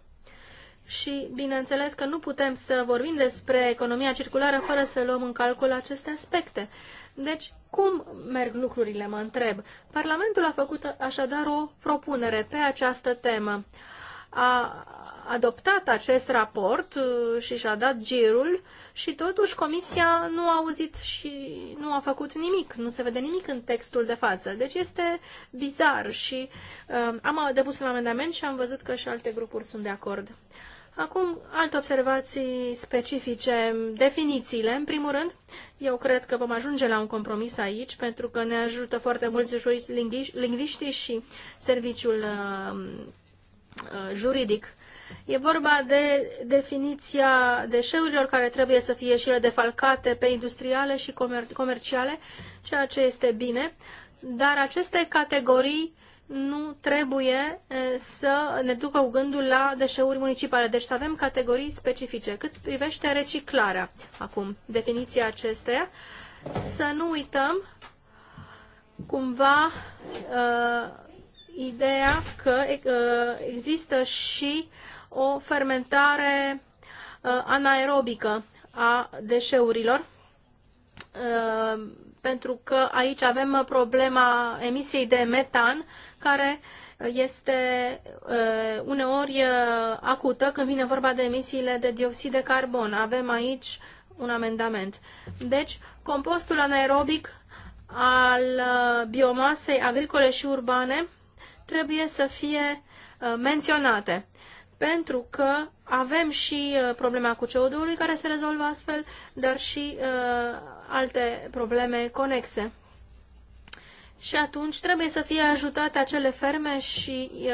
Și bineînțeles că nu putem să vorbim despre economia circulară fără să luăm în calcul aceste aspecte. Deci, cum merg lucrurile, mă întreb. Parlamentul a făcut așadar o propunere pe această temă. A adoptat acest raport uh, și și-a dat girul și totuși comisia nu a auzit și nu a făcut nimic, nu se vede nimic în textul de față. Deci este bizar și um, am depus un amendament și am văzut că și alte grupuri sunt de acord. Acum, alte observații specifice, definițiile. În primul rând, eu cred că vom ajunge la un compromis aici, pentru că ne ajută foarte mult lingviștii și serviciul um, uh, juridic. E vorba de definiția deșeurilor care trebuie să fie și ele defalcate pe industriale și comer comerciale, ceea ce este bine, dar aceste categorii nu trebuie să ne ducă cu gândul la deșeuri municipale. Deci să avem categorii specifice. Cât privește reciclarea, acum, definiția acesteia, să nu uităm cumva uh, ideea că uh, există și o fermentare uh, anaerobică a deșeurilor, uh, pentru că aici avem problema emisiei de metan care uh, este uh, uneori uh, acută când vine vorba de emisiile de dioxid de carbon. Avem aici un amendament. Deci, compostul anaerobic al biomasei agricole și urbane trebuie să fie menționate. Pentru că avem și problema cu CO2-ului care se rezolvă astfel, dar și alte probleme conexe și atunci trebuie să fie ajutate acele ferme și uh,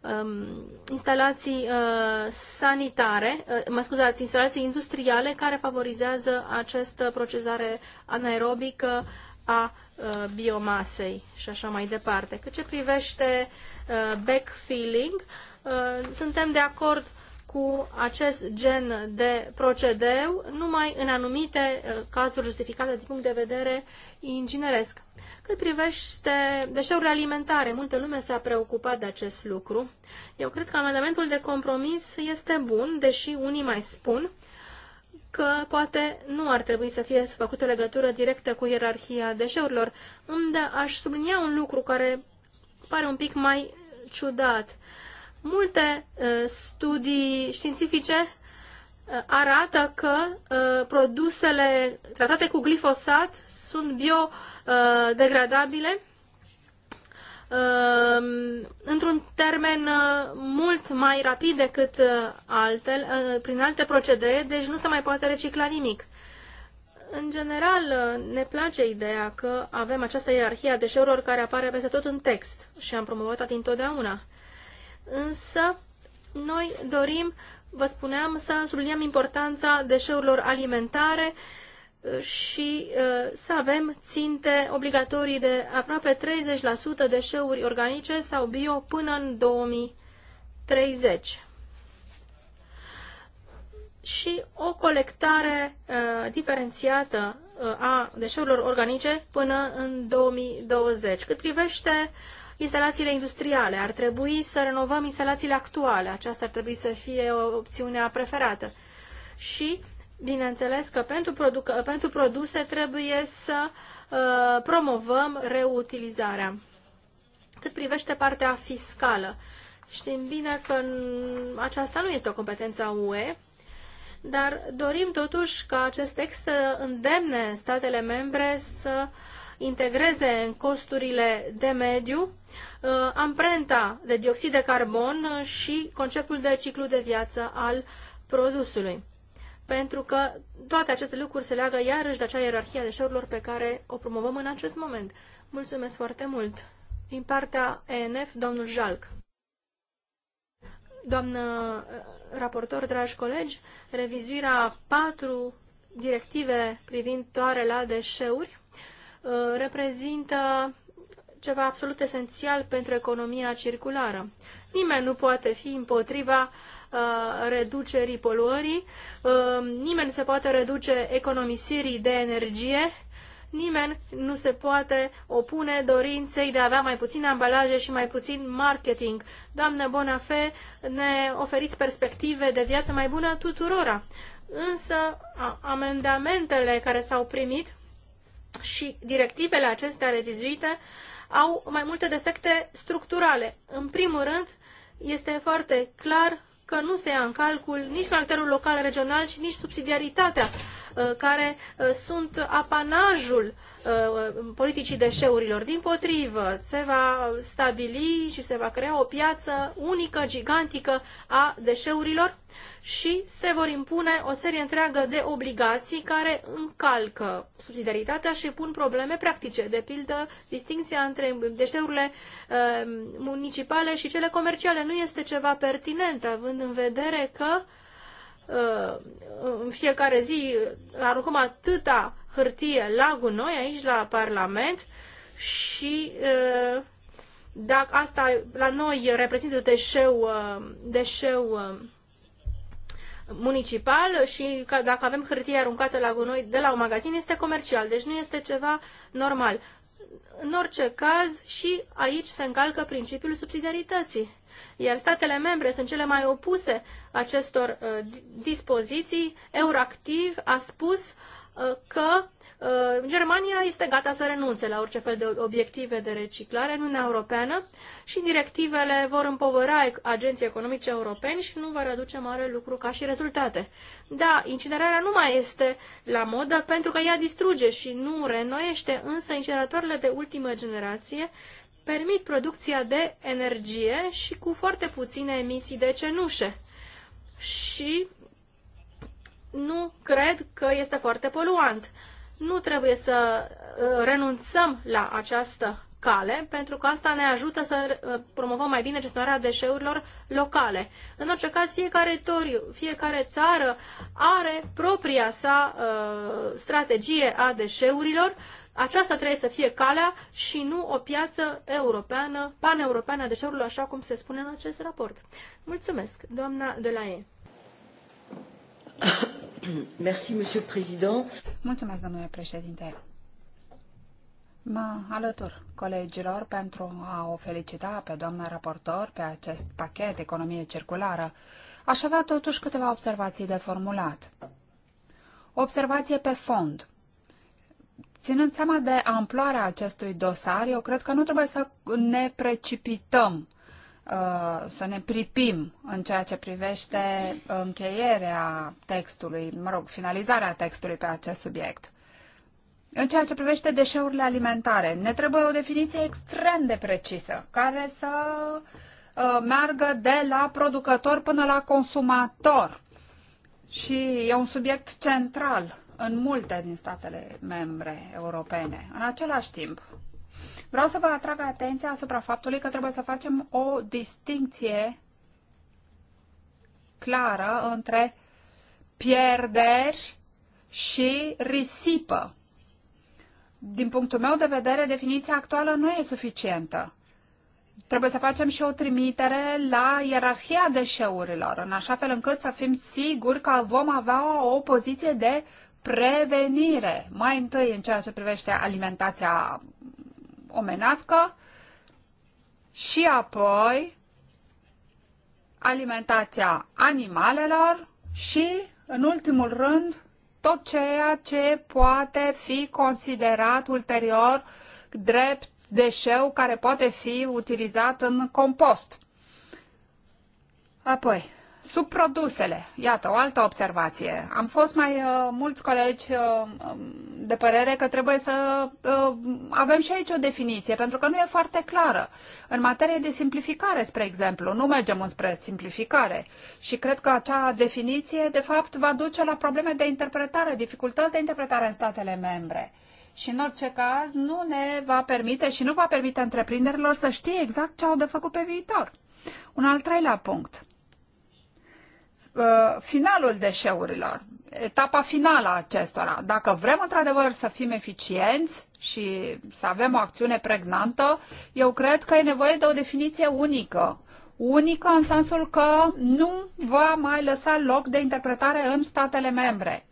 um, instalații uh, sanitare, uh, mă scuzați, instalații industriale care favorizează această procesare anaerobică a uh, biomasei și așa mai departe. Cât ce privește uh, backfilling, uh, suntem de acord uh, cu acest gen de procedeu numai în anumite uh, cazuri justificate din punct de vedere ingineresc. Cât privește deșeurile alimentare, multă lume s-a preocupat de acest lucru. Eu cred că amendamentul de compromis este bun, deși unii mai spun că poate nu ar trebui să fie făcută legătură directă cu ierarhia deșeurilor, unde aș sublinia un lucru care pare un pic mai ciudat. Uh, Multe uh, studii științifice uh, arată că uh, produsele tratate cu glifosat sunt biodegradabile um, într-un termen mult mai rapid decât altele, prin alte procedee, deci nu se mai poate recicla nimic. În general, ne place ideea că avem această ierarhie a deșeurilor care apare peste tot în text și am promovat-o dintotdeauna. întotdeauna însă noi dorim, vă spuneam, să subliniem importanța deșeurilor alimentare uh, și uh, să avem ținte obligatorii de aproape 30% deșeuri organice sau bio până în 2030 și o colectare uh, diferențiată a deșeurilor organice până în 2020. Cât privește instalațiile industriale. Ar trebui să renovăm instalațiile actuale. Aceasta ar trebui să fie opțiunea preferată. Și, bineînțeles, că pentru, produ- pentru produse trebuie să uh, promovăm reutilizarea. Cât privește partea fiscală, știm bine că aceasta nu este o competență a UE, dar dorim totuși ca acest text să îndemne statele membre să uh, integreze în costurile de mediu uh, amprenta de dioxid de carbon uh, și conceptul de ciclu de viață al produsului. Pentru că toate aceste lucruri se leagă iarăși de acea ierarhie deșeurilor pe care o promovăm în acest moment. Mulțumesc foarte mult! Din partea ENF, domnul Jalc. Doamnă uh, raportor, dragi colegi, revizuirea patru directive toare la deșeuri Uh, reprezintă ceva absolut esențial pentru economia circulară. Nimeni nu poate fi împotriva uh, reducerii poluării, uh, nimeni nu se poate reduce economisirii de energie, nimeni nu se poate opune dorinței de a avea mai puține ambalaje și mai puțin marketing. Doamnă Bonafé, ne oferiți perspective de viață mai bună tuturora. Însă amendamentele care s-au primit și directivele acestea revizuite au mai multe defecte structurale. În primul rând, este foarte clar că nu se ia în calcul nici caracterul local, regional și nici subsidiaritatea Uh, care uh, sunt apanajul uh, politicii deșeurilor. Din potrivă, se va stabili și se va crea o piață unică, gigantică a deșeurilor și se vor impune o serie întreagă de obligații care încalcă subsidiaritatea și pun probleme practice, de pildă distinția între deșeurile municipale și cele comerciale. Nu este ceva pertinent, având în vedere că uh, Uh, în fiecare zi aruncăm atâta hârtie la gunoi aici la Parlament și uh, dacă asta la noi reprezintă deșeu, uh, deșeu municipal și că dacă avem hârtie aruncată la gunoi de la un magazin este comercial, deci nu este ceva normal. În orice caz, și aici se încalcă principiul subsidiarității iar statele membre sunt cele mai opuse acestor uh, dispoziții. Euractiv a spus uh, că uh, Germania este gata să renunțe la orice fel de obiective de reciclare în Uniunea Europeană și directivele vor împovăra agenții economice europeni și nu va reduce mare lucru ca și rezultate. Da, incinerarea nu mai este la modă pentru că ea distruge și nu renoiește, însă incineratoarele de ultimă generație permit producția de energie și cu foarte puține emisii de cenușe. Și nu cred că este foarte poluant. Nu trebuie să uh, renunțăm la această cale, pentru că asta ne ajută să uh, promovăm mai bine gestionarea deșeurilor locale. În orice caz, fiecare teritoriu, fiecare țară are propria sa uh, strategie a deșeurilor. Aceasta trebuie să fie calea și nu o piață europeană, paneuropeană a deșeurilor, așa cum se spune în acest raport. Mulțumesc, doamna Delaie. Merci, Mulțumesc, domnule președinte. Mă alătur colegilor pentru a o felicita pe doamna raportor pe acest pachet economie circulară. Aș avea totuși câteva observații de formulat. Observație pe fond. Ținând seama de amploarea acestui dosar, eu cred că nu trebuie să ne precipităm, uh, să ne pripim în ceea ce privește încheierea textului, mă rog, finalizarea textului pe acest subiect. În ceea ce privește deșeurile alimentare, ne trebuie o definiție extrem de precisă, care să uh, meargă de la producător până la consumator. Și e un subiect central în multe din statele membre europene. În același timp, vreau să vă atrag atenția asupra faptului că trebuie să facem o distinție clară între pierderi și risipă din punctul meu de vedere, definiția actuală nu e suficientă. Trebuie să facem și o trimitere la ierarhia deșeurilor, în așa fel încât să fim siguri că vom avea o poziție de prevenire. Mai întâi în ceea ce privește alimentația omenească și apoi alimentația animalelor și, în ultimul rând, tot ceea ce poate fi considerat ulterior drept deșeu care poate fi utilizat în compost. Apoi, Subprodusele. Iată, o altă observație. Am fost mai uh, mulți colegi uh, um, de părere că trebuie să uh, avem și aici o definiție, pentru că nu e foarte clară. În materie de simplificare, spre exemplu, nu mergem înspre simplificare și cred că acea definiție, de fapt, va duce la probleme de interpretare, dificultăți de interpretare în statele membre și în orice caz nu ne va permite și nu va permite întreprinderilor să știe exact ce au de făcut pe viitor. Un al treilea punct. Uh, finalul deșeurilor, etapa finală a acestora. Dacă vrem într-adevăr să fim eficienți și să avem o acțiune pregnantă, eu cred că e nevoie de o definiție unică. Unică în sensul că nu va mai lăsa loc de interpretare în statele membre.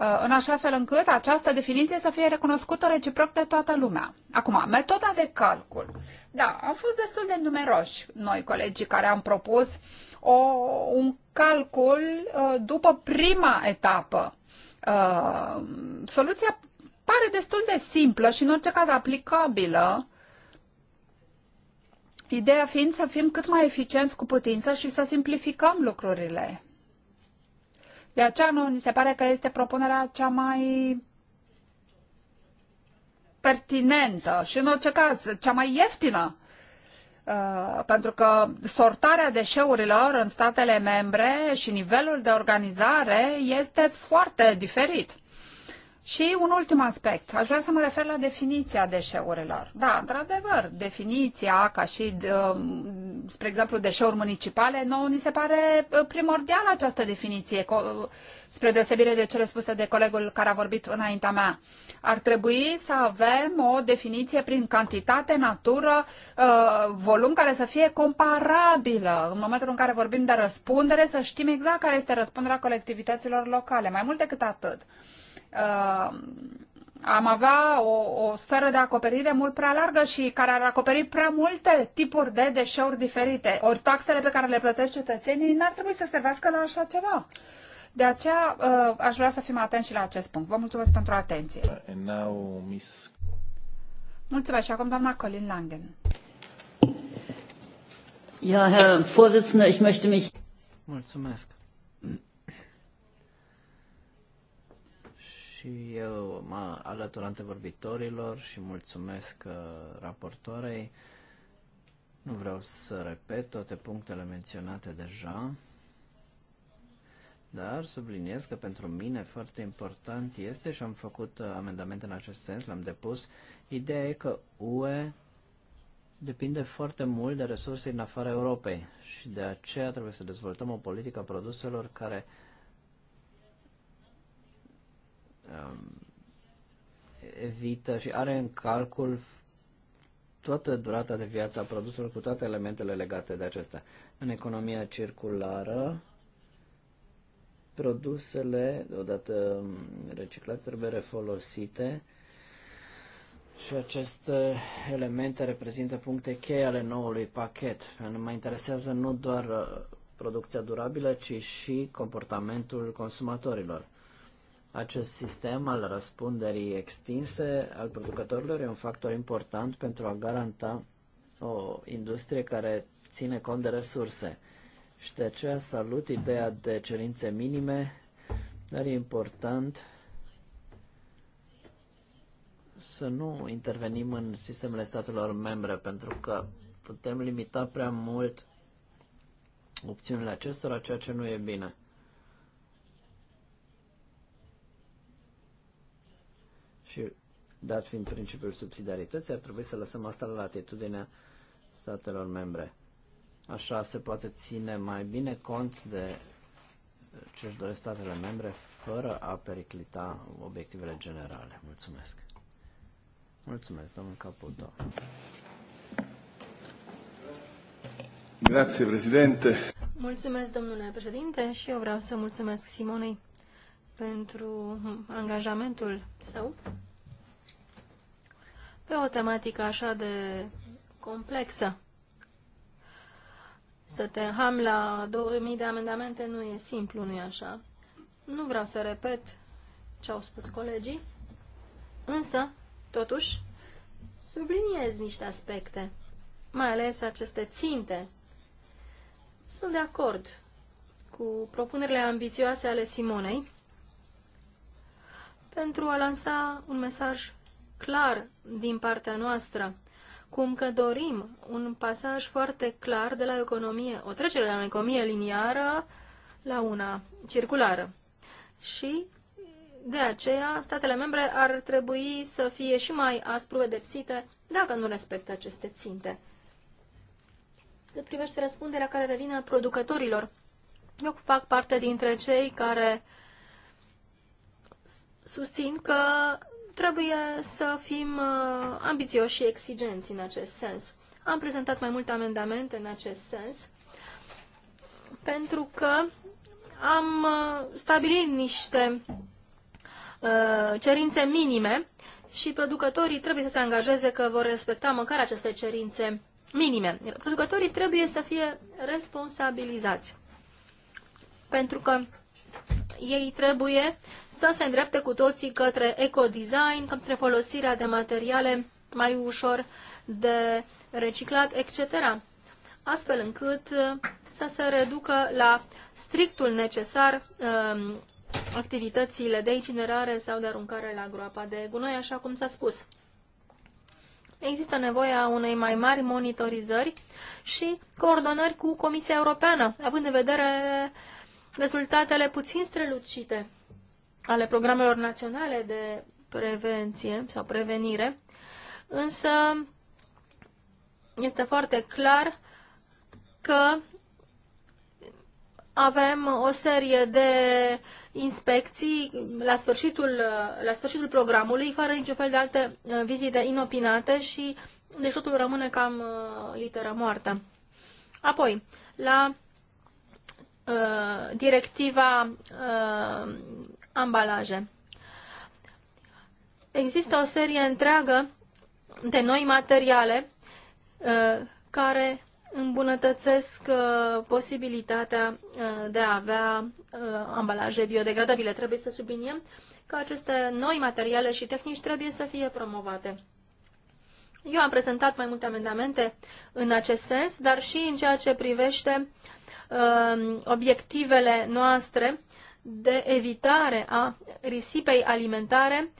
Uh, în așa fel încât această definiție să fie recunoscută reciproc de toată lumea. Acum, metoda de calcul. Da, am fost destul de numeroși noi colegii care am propus o, un calcul uh, după prima etapă. Uh, soluția pare destul de simplă și în orice caz aplicabilă Ideea fiind să fim cât mai eficienți cu putință și să simplificăm lucrurile. De aceea nu ni se pare că este propunerea cea mai pertinentă și, în orice caz, cea mai ieftină. Uh, pentru că sortarea deșeurilor în statele membre și nivelul de organizare este foarte diferit. Și un ultim aspect, aș vrea să mă refer la definiția deșeurilor. Da, într-adevăr, definiția ca și, um, spre exemplu, deșeuri municipale, nouă ni se pare uh, primordială această definiție, spre deosebire de cele spuse de colegul care a vorbit înaintea mea. Ar trebui să avem o definiție prin cantitate, natură, uh, volum care să fie comparabilă. În momentul în care vorbim de răspundere, să știm exact care este răspunderea colectivităților locale, mai mult decât atât uh, am avea o, o sferă de acoperire mult prea largă și care ar acoperi prea multe tipuri de deșeuri diferite. Ori taxele pe care le plătesc cetățenii n-ar trebui să servească la așa ceva. De aceea uh, aș vrea să fim atenți și la acest punct. Vă mulțumesc pentru atenție. Uh, now, miss... Mulțumesc și acum doamna Colin Langen. Ja, Herr Vorsitzender, ich möchte mich... Mulțumesc. și eu mă alătur antevorbitorilor și mulțumesc uh, raportoarei. Nu vreau să repet toate punctele menționate deja, dar subliniez că pentru mine foarte important este și am făcut uh, amendamente în acest sens, l-am depus, ideea e că UE depinde foarte mult de resurse în afara Europei și de aceea trebuie să dezvoltăm o politică a produselor care uh, Um, evită și are în calcul toată durata de viață a produselor cu toate elementele legate de acestea. În economia circulară, produsele, odată um, reciclate, trebuie refolosite și aceste elemente reprezintă puncte cheie ale noului pachet. Mă interesează nu doar uh, producția durabilă, ci și comportamentul consumatorilor. Acest sistem al răspunderii extinse al producătorilor e un factor important pentru a garanta o industrie care ține cont de resurse. Și de aceea salut ideea de cerințe minime, dar e important să nu intervenim în sistemele statelor membre, pentru că putem limita prea mult opțiunile acestora, ceea ce nu e bine. Și dat fiind principiul subsidiarității, ar trebui să lăsăm asta la latitudinea statelor membre. Așa se poate ține mai bine cont de ce își doresc statele membre fără a periclita obiectivele generale. Mulțumesc. Mulțumesc, domnul Caputo. Grazie, Mulțumesc, domnule președinte, și eu vreau să mulțumesc Simonei pentru angajamentul său pe o tematică așa de complexă. Să te ham la 2000 de amendamente nu e simplu, nu e așa? Nu vreau să repet ce au spus colegii, însă, totuși, subliniez niște aspecte, mai ales aceste ținte. Sunt de acord cu propunerile ambițioase ale Simonei pentru a lansa un mesaj clar din partea noastră, cum că dorim un pasaj foarte clar de la economie, o trecere de la o economie liniară la una circulară. Și de aceea, statele membre ar trebui să fie și mai aspru pedepsite dacă nu respectă aceste ținte. Cât privește răspunderea care revine producătorilor, eu fac parte dintre cei care uh, susțin că trebuie să fim uh, ambițioși și exigenți în acest sens. Am prezentat mai multe amendamente în acest sens pentru că am uh, stabilit niște uh, cerințe minime și producătorii trebuie să se angajeze că vor respecta măcar aceste cerințe minime. Producătorii trebuie să fie responsabilizați. Pentru că ei trebuie să se îndrepte cu toții către ecodesign, către folosirea de materiale mai ușor de reciclat, etc. Astfel încât uh, să se reducă la strictul necesar um, activitățile de incinerare sau de aruncare la groapa de gunoi, așa cum s-a spus. Există nevoia unei mai mari monitorizări și coordonări cu Comisia Europeană, având în vedere uh, rezultatele puțin strălucite ale programelor naționale de prevenție sau prevenire, însă este foarte clar că avem o serie de inspecții la sfârșitul, la sfârșitul programului, fără niciun fel de alte uh, vizite inopinate și deci totul rămâne cam uh, literă moartă. Apoi, la Uh, directiva uh, ambalaje. Există o serie întreagă de noi materiale uh, care îmbunătățesc uh, posibilitatea uh, de a avea uh, ambalaje biodegradabile. Trebuie să subliniem că aceste noi materiale și tehnici trebuie să fie promovate. Eu am prezentat mai multe amendamente în acest sens, dar și în ceea ce privește uh, Um, obiectivele noastre de evitare a risipei alimentare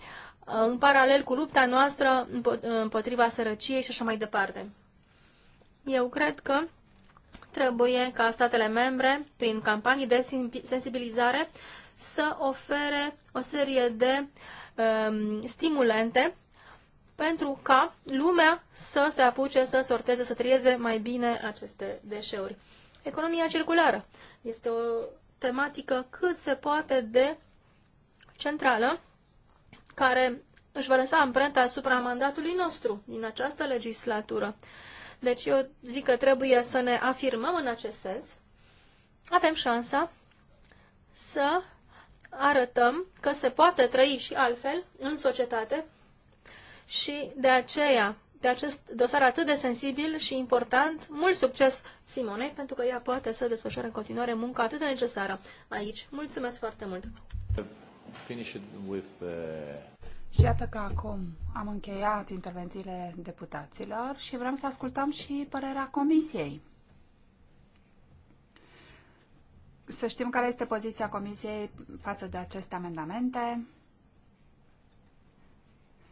uh, în paralel cu lupta noastră împotriva sărăciei și așa mai departe. Eu cred că trebuie ca statele membre, prin campanii de sensibilizare, să ofere o serie de um, stimulente pentru ca lumea să se apuce să sorteze, să trieze mai bine aceste deșeuri. Economia circulară este o tematică cât se poate de centrală, care își va lăsa amprenta asupra mandatului nostru din această legislatură. Deci eu zic că trebuie să ne afirmăm în acest sens. Avem șansa să arătăm că se poate trăi și altfel în societate și de aceea pe acest dosar atât de sensibil și important. Mult succes, Simone, pentru că ea poate să desfășoare în continuare munca atât de necesară aici. Mulțumesc foarte mult! With, uh... Și iată că acum am încheiat intervențiile deputaților și vrem să ascultăm și părerea Comisiei. Să știm care este poziția Comisiei față de aceste amendamente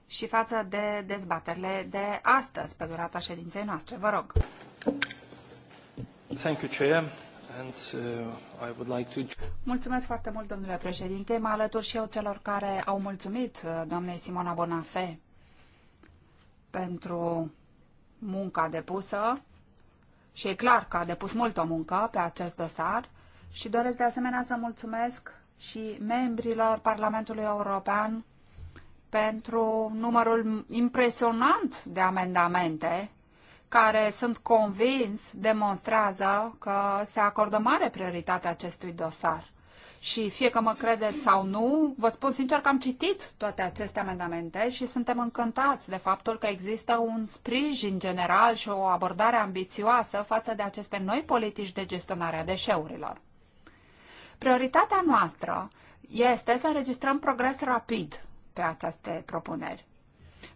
și față de dezbaterile de astăzi, pe durata ședinței noastre. Vă rog. Thank you, Chair. And, uh, I would like to... Mulțumesc foarte mult, domnule președinte. Mă alătur și eu celor care au mulțumit uh, doamnei Simona Bonafé pentru munca depusă și e clar că a depus multă muncă pe acest dosar și doresc de asemenea să mulțumesc și membrilor Parlamentului European pentru numărul impresionant de amendamente care sunt convins demonstrează că se acordă mare prioritate acestui dosar. Și fie că mă credeți sau nu, vă spun sincer că am citit toate aceste amendamente și suntem încântați de faptul că există un sprijin general și o abordare ambițioasă față de aceste noi politici de gestionare a deșeurilor. Prioritatea noastră este să înregistrăm progres rapid pe aceste propuneri.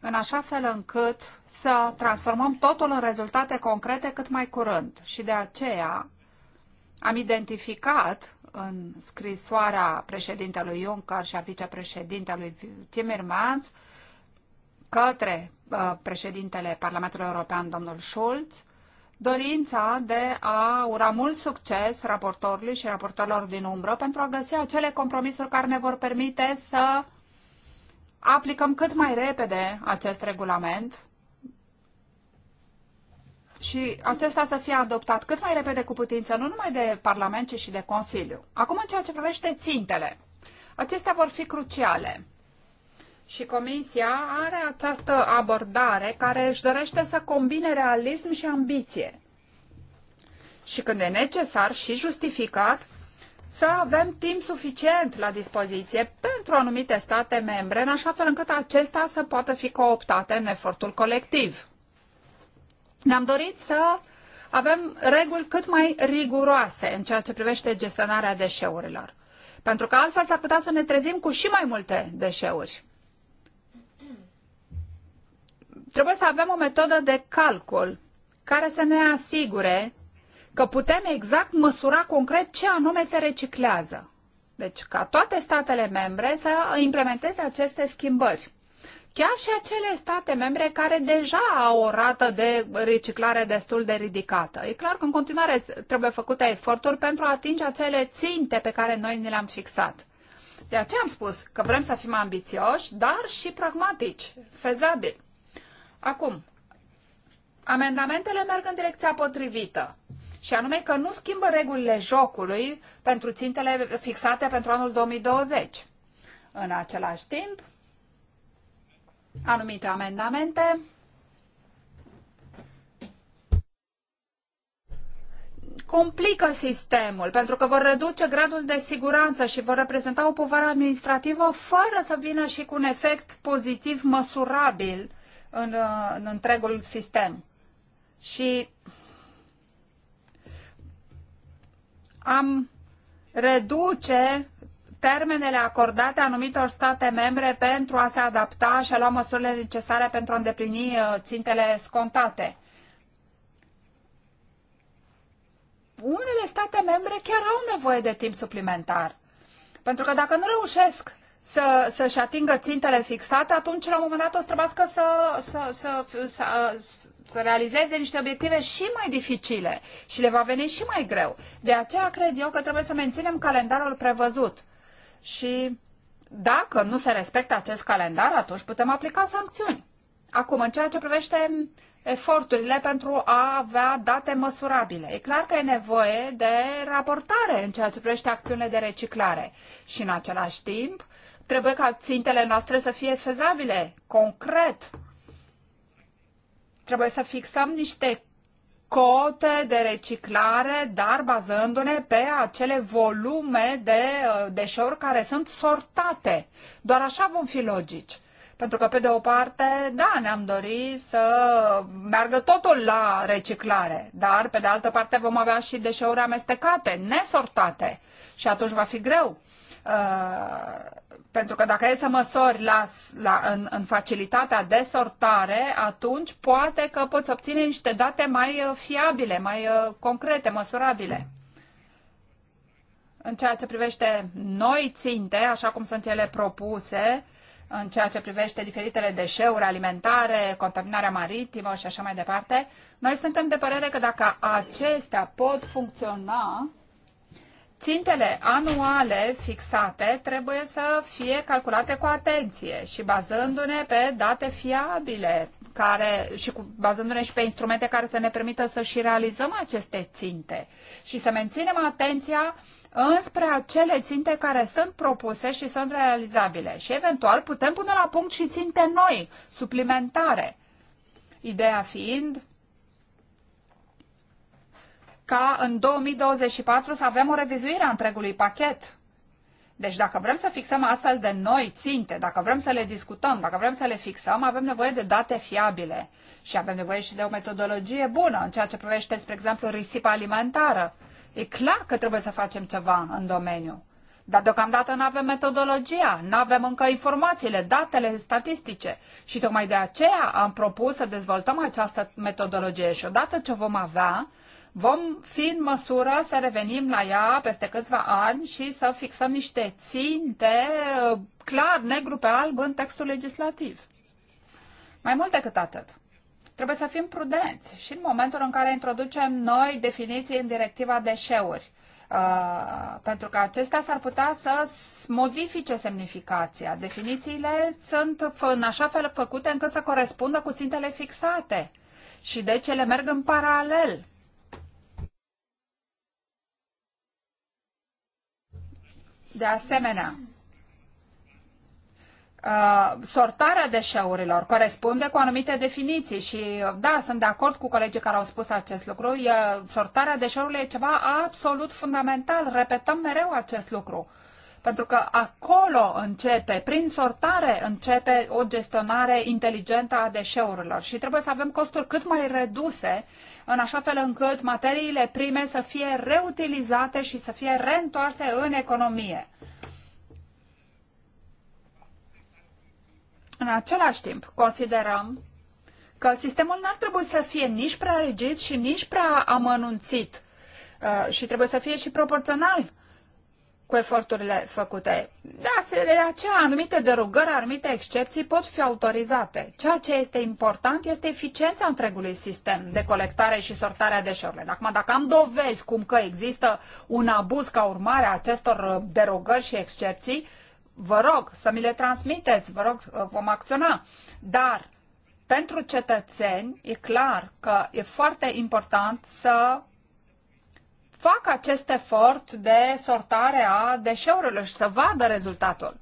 În așa fel încât să transformăm totul în rezultate concrete cât mai curând. Și de aceea am identificat în scrisoarea președintelui Juncker și a vicepreședintelui Timmermans către uh, președintele Parlamentului European, domnul Schulz, dorința de a ura mult succes raportorului și raportorilor din umbră pentru a găsi acele compromisuri care ne vor permite să aplicăm cât mai repede acest regulament și acesta să fie adoptat cât mai repede cu putință, nu numai de Parlament, ci și de Consiliu. Acum, în ceea ce privește țintele, acestea vor fi cruciale. Și Comisia are această abordare care își dorește să combine realism și ambiție. Și când e necesar și justificat, să avem timp suficient la dispoziție pentru anumite state membre, în așa fel încât acestea să poată fi cooptate în efortul colectiv. Ne-am dorit să avem reguli cât mai riguroase în ceea ce privește gestionarea deșeurilor, pentru că altfel s-ar putea să ne trezim cu și mai multe deșeuri. Trebuie să avem o metodă de calcul care să ne asigure că putem exact măsura concret ce anume se reciclează. Deci ca toate statele membre să implementeze aceste schimbări. Chiar și acele state membre care deja au o rată de reciclare destul de ridicată. E clar că în continuare trebuie făcute eforturi pentru a atinge acele ținte pe care noi ne le-am fixat. De aceea am spus că vrem să fim ambițioși, dar și pragmatici, fezabili. Acum, amendamentele merg în direcția potrivită și anume că nu schimbă regulile jocului pentru țintele fixate pentru anul 2020. În același timp, anumite amendamente complică sistemul, pentru că vor reduce gradul de siguranță și vor reprezenta o povară administrativă fără să vină și cu un efect pozitiv măsurabil în, în întregul sistem. Și am reduce termenele acordate anumitor state membre pentru a se adapta și a lua măsurile necesare pentru a îndeplini uh, țintele scontate. Unele state membre chiar au nevoie de timp suplimentar. Pentru că dacă nu reușesc să, să-și atingă țintele fixate, atunci la un moment dat o să trebuiască să, să, să, să, să realizeze niște obiective și mai dificile și le va veni și mai greu. De aceea cred eu că trebuie să menținem calendarul prevăzut. Și dacă nu se respectă acest calendar, atunci putem aplica sancțiuni. Acum, în ceea ce privește eforturile pentru a avea date măsurabile. E clar că e nevoie de raportare în ceea ce privește acțiunile de reciclare și în același timp trebuie ca țintele noastre să fie fezabile, concret, Trebuie să fixăm niște cote de reciclare, dar bazându-ne pe acele volume de uh, deșeuri care sunt sortate. Doar așa vom fi logici. Pentru că, pe de o parte, da, ne-am dorit să meargă totul la reciclare, dar, pe de altă parte, vom avea și deșeuri amestecate, nesortate și atunci va fi greu. Uh, pentru că dacă e să măsori la, la, în, în facilitatea de sortare, atunci poate că poți obține niște date mai uh, fiabile, mai uh, concrete, măsurabile. În ceea ce privește noi ținte, așa cum sunt ele propuse, în ceea ce privește diferitele deșeuri alimentare, contaminarea maritimă și așa mai departe, noi suntem de părere că dacă acestea pot funcționa, Țintele anuale fixate trebuie să fie calculate cu atenție și bazându-ne pe date fiabile care, și cu, bazându-ne și pe instrumente care să ne permită să și realizăm aceste ținte și să menținem atenția înspre acele ținte care sunt propuse și sunt realizabile și eventual putem pune la punct și ținte noi, suplimentare. Ideea fiind ca în 2024 să avem o revizuire a întregului pachet. Deci dacă vrem să fixăm astfel de noi ținte, dacă vrem să le discutăm, dacă vrem să le fixăm, avem nevoie de date fiabile și avem nevoie și de o metodologie bună în ceea ce privește, spre exemplu, risipa alimentară. E clar că trebuie să facem ceva în domeniu. Dar deocamdată nu avem metodologia, nu avem încă informațiile, datele statistice și tocmai de aceea am propus să dezvoltăm această metodologie și odată ce vom avea, vom fi în măsură să revenim la ea peste câțiva ani și să fixăm niște ținte uh, clar, negru pe alb în textul legislativ. Mai mult decât atât, trebuie să fim prudenți și în momentul în care introducem noi definiții în directiva deșeuri, Uh, pentru că acestea s-ar putea să modifice semnificația. Definițiile sunt în așa fel făcute încât să corespundă cu țintele fixate și deci ele merg în paralel. De asemenea, uh, sortarea deșeurilor corespunde cu anumite definiții și uh, da, sunt de acord cu colegii care au spus acest lucru. sortarea deșeurilor e ceva absolut fundamental. Repetăm mereu acest lucru pentru că acolo începe, prin sortare începe o gestionare inteligentă a deșeurilor și trebuie să avem costuri cât mai reduse, în așa fel încât materiile prime să fie reutilizate și să fie reîntoarse în economie. În același timp, considerăm că sistemul n-ar trebui să fie nici prea rigid și nici prea amănunțit uh, și trebuie să fie și proporțional cu eforturile făcute. Da, de aceea anumite derogări, anumite excepții pot fi autorizate. Ceea ce este important este eficiența întregului sistem de colectare și sortare a deșeurilor. Acum, dacă am dovezi cum că există un abuz ca urmare a acestor uh, derogări și excepții, vă rog să mi le transmiteți, vă rog, uh, vom acționa. Dar pentru cetățeni e clar că e foarte important să facă acest efort de sortare a deșeurilor și să vadă rezultatul.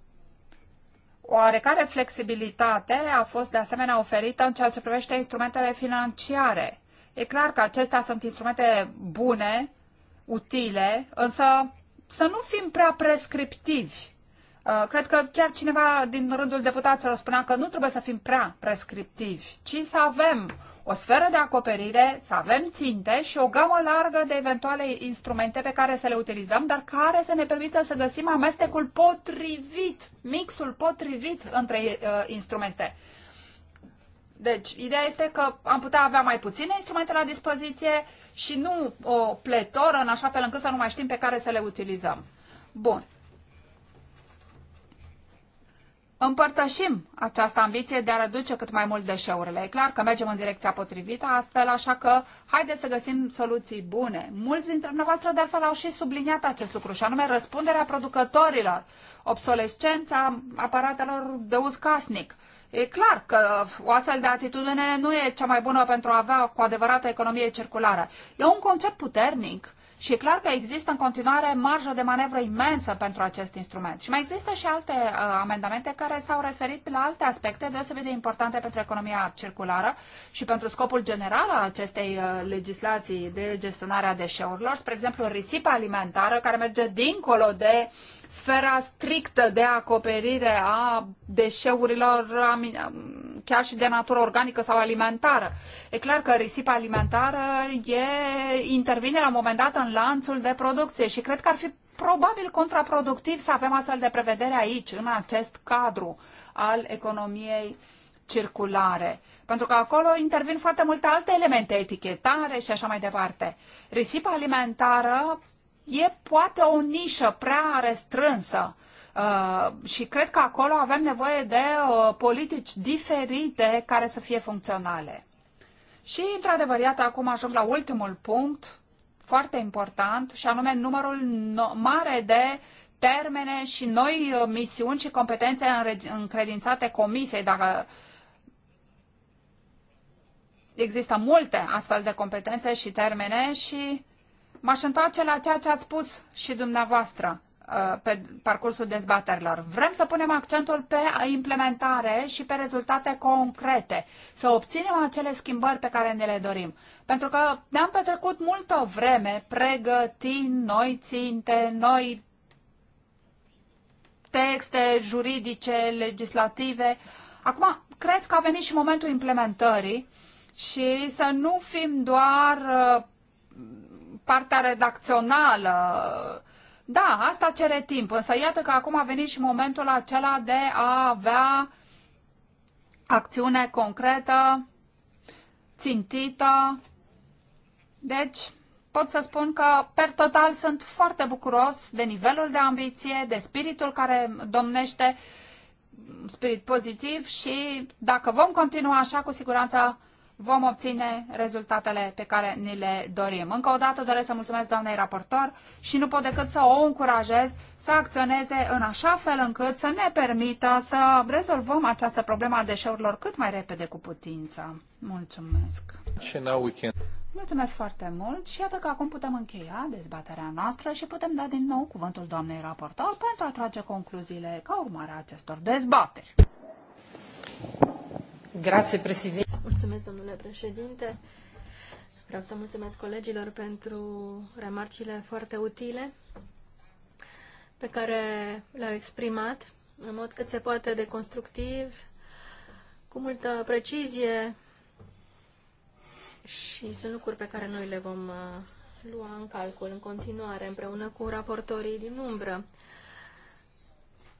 Oarecare flexibilitate a fost de asemenea oferită în ceea ce privește instrumentele financiare. E clar că acestea sunt instrumente bune, utile, însă să nu fim prea prescriptivi Uh, cred că chiar cineva din rândul deputaților spunea că nu trebuie să fim prea prescriptivi, ci să avem o sferă de acoperire, să avem ținte și o gamă largă de eventuale instrumente pe care să le utilizăm, dar care să ne permită să găsim amestecul potrivit, mixul potrivit între uh, instrumente. Deci, ideea este că am putea avea mai puține instrumente la dispoziție și nu o pletoră în așa fel încât să nu mai știm pe care să le utilizăm. Bun. Împărtășim această ambiție de a reduce cât mai mult deșeurile. E clar că mergem în direcția potrivită astfel, așa că haideți să găsim soluții bune. Mulți dintre dumneavoastră, de altfel, au și subliniat acest lucru, și anume răspunderea producătorilor, obsolescența aparatelor de uz casnic. E clar că o astfel de atitudine nu e cea mai bună pentru a avea cu adevărat o economie circulară. E un concept puternic și e clar că există în continuare marjă de manevră imensă pentru acest instrument. Și mai există și alte uh, amendamente care s-au referit la alte aspecte deosebit de importante pentru economia circulară și pentru scopul general al acestei uh, legislații de gestionare a deșeurilor, spre exemplu risipa alimentară care merge dincolo de uh, sfera strictă de acoperire a deșeurilor chiar și de natură organică sau alimentară. E clar că risipa alimentară e, intervine la un moment dat în lanțul de producție și cred că ar fi probabil contraproductiv să avem astfel de prevedere aici, în acest cadru al economiei circulare. Pentru că acolo intervin foarte multe alte elemente, etichetare și așa mai departe. Risipa alimentară e poate o nișă prea restrânsă. Uh, și cred că acolo avem nevoie de uh, politici diferite care să fie funcționale. Și, într-adevăr, iată, acum ajung la ultimul punct, foarte important, și anume numărul no- mare de termene și noi uh, misiuni și competențe încredințate comisiei. Dacă există multe astfel de competențe și termene și M-aș întoarce la ceea ce ați spus și dumneavoastră uh, pe parcursul dezbaterilor. Vrem să punem accentul pe implementare și pe rezultate concrete, să obținem acele schimbări pe care ne le dorim. Pentru că ne-am petrecut multă vreme pregătind noi ținte, noi texte juridice, legislative. Acum, cred că a venit și momentul implementării și să nu fim doar uh, partea redacțională. Da, asta cere timp, însă iată că acum a venit și momentul acela de a avea acțiune concretă, țintită. Deci, pot să spun că, per total, sunt foarte bucuros de nivelul de ambiție, de spiritul care domnește, spirit pozitiv și dacă vom continua așa, cu siguranță vom obține rezultatele pe care ni le dorim. Încă o dată doresc să mulțumesc doamnei raportor și nu pot decât să o încurajez să acționeze în așa fel încât să ne permită să rezolvăm această problemă a deșeurilor cât mai repede cu putință. Mulțumesc! Mulțumesc foarte mult și iată că acum putem încheia dezbaterea noastră și putem da din nou cuvântul doamnei raportor pentru a trage concluziile ca urmare a acestor dezbateri. Grazie, președinte. Mulțumesc, domnule președinte. Vreau să mulțumesc colegilor pentru remarcile foarte utile pe care le-au exprimat în mod cât se poate de constructiv, cu multă precizie și sunt lucruri pe care noi le vom uh, lua în calcul în continuare împreună cu raportorii din umbră.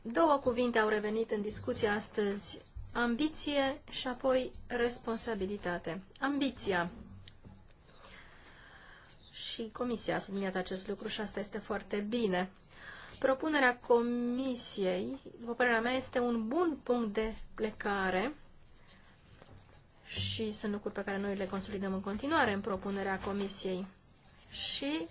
Două cuvinte au revenit în discuție astăzi ambiție și apoi responsabilitate. Ambiția. Și Comisia a subliniat acest lucru și asta este foarte bine. Propunerea Comisiei, după părerea mea, este un bun punct de plecare și sunt lucruri pe care noi le consolidăm în continuare în propunerea Comisiei. Și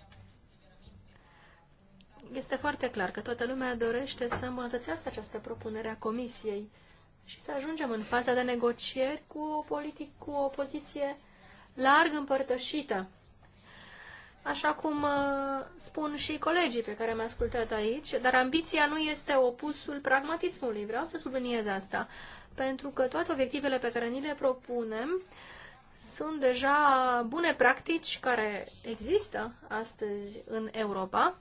este foarte clar că toată lumea dorește să îmbunătățească această propunere a Comisiei și să ajungem în faza de negocieri cu o, politic, cu o poziție larg împărtășită. Așa cum uh, spun și colegii pe care mi-au ascultat aici, dar ambiția nu este opusul pragmatismului. Vreau să subliniez asta, pentru că toate obiectivele pe care ni le propunem sunt deja bune practici care există astăzi în Europa.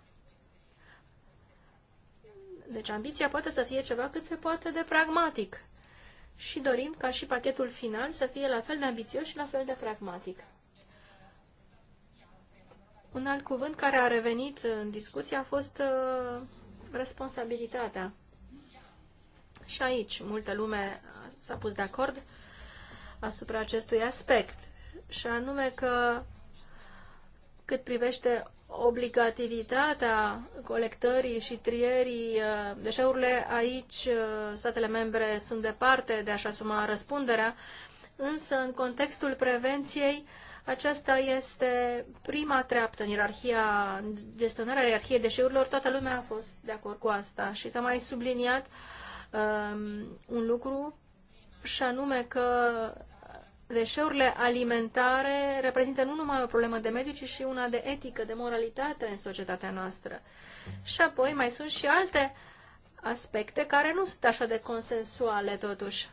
Deci ambiția poate să fie ceva cât se poate de pragmatic și dorim ca și pachetul final să fie la fel de ambițios și la fel de pragmatic. Un alt cuvânt care a revenit în discuție a fost uh, responsabilitatea. Și aici multă lume s-a pus de acord asupra acestui aspect, și anume că cât privește obligativitatea colectării și trierii uh, deșeurile, aici uh, statele membre sunt departe de a-și asuma răspunderea, însă în contextul prevenției aceasta este prima treaptă în ierarhia, gestionarea ierarhiei deșeurilor. Toată lumea a fost de acord cu asta și s-a mai subliniat um, un lucru și anume că deșeurile alimentare reprezintă nu numai o problemă de mediu, ci și una de etică, de moralitate în societatea noastră. Și apoi mai sunt și alte aspecte care nu sunt așa de consensuale totuși.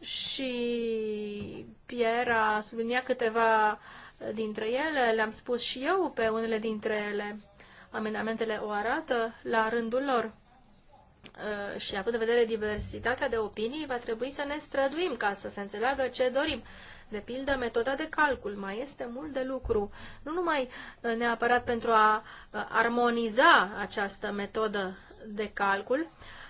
Și Pierre a subliniat câteva dintre ele, le-am spus și eu pe unele dintre ele. Amendamentele o arată la rândul lor. Uh, și având în vedere diversitatea de opinii, va trebui să ne străduim ca să se înțeleagă ce dorim. De pildă, metoda de calcul. Mai este mult de lucru. Nu numai uh, neapărat pentru a uh, armoniza această metodă de calcul,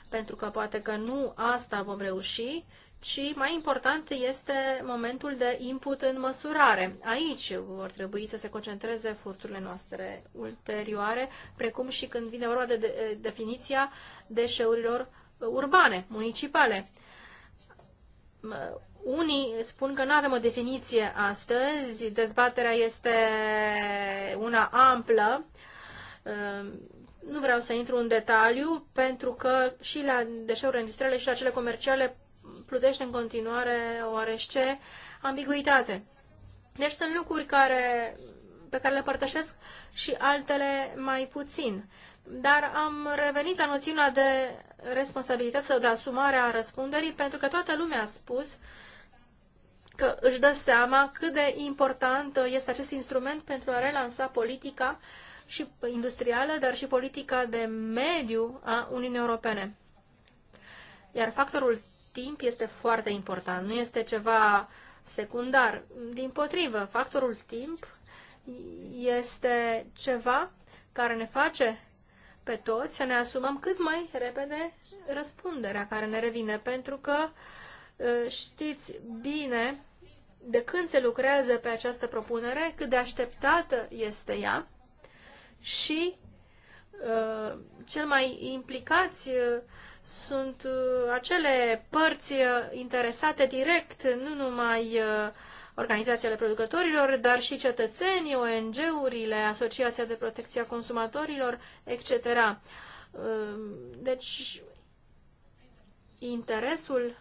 pentru că poate că nu asta vom reuși, ci mai important este momentul de input în măsurare. Aici vor trebui să se concentreze furturile noastre ulterioare, precum și când vine vorba de, de definiția deșeurilor urbane, municipale. Unii spun că nu avem o definiție astăzi, dezbaterea este una amplă. Ehm, nu vreau să intru în detaliu, pentru că și la deșeurile industriale și la cele comerciale plutește în continuare oarește ambiguitate. Deci sunt lucruri care, pe care le părtășesc și altele mai puțin. Dar am revenit la noțiunea de responsabilitate sau de asumare a răspunderii, pentru că toată lumea a spus că își dă seama cât de important este acest instrument pentru a relansa politica și industrială, dar și politica de mediu a Uniunii Europene. Iar factorul timp este foarte important, nu este ceva secundar. Din potrivă, factorul timp este ceva care ne face pe toți să ne asumăm cât mai repede răspunderea care ne revine, pentru că ă, știți bine de când se lucrează pe această propunere, cât de așteptată este ea și ă, cel mai implicați ă, sunt uh, acele părți uh, interesate direct, nu numai uh, organizațiile producătorilor, dar și cetățenii, ONG-urile, Asociația de Protecție a Consumatorilor, etc. Deci, interesul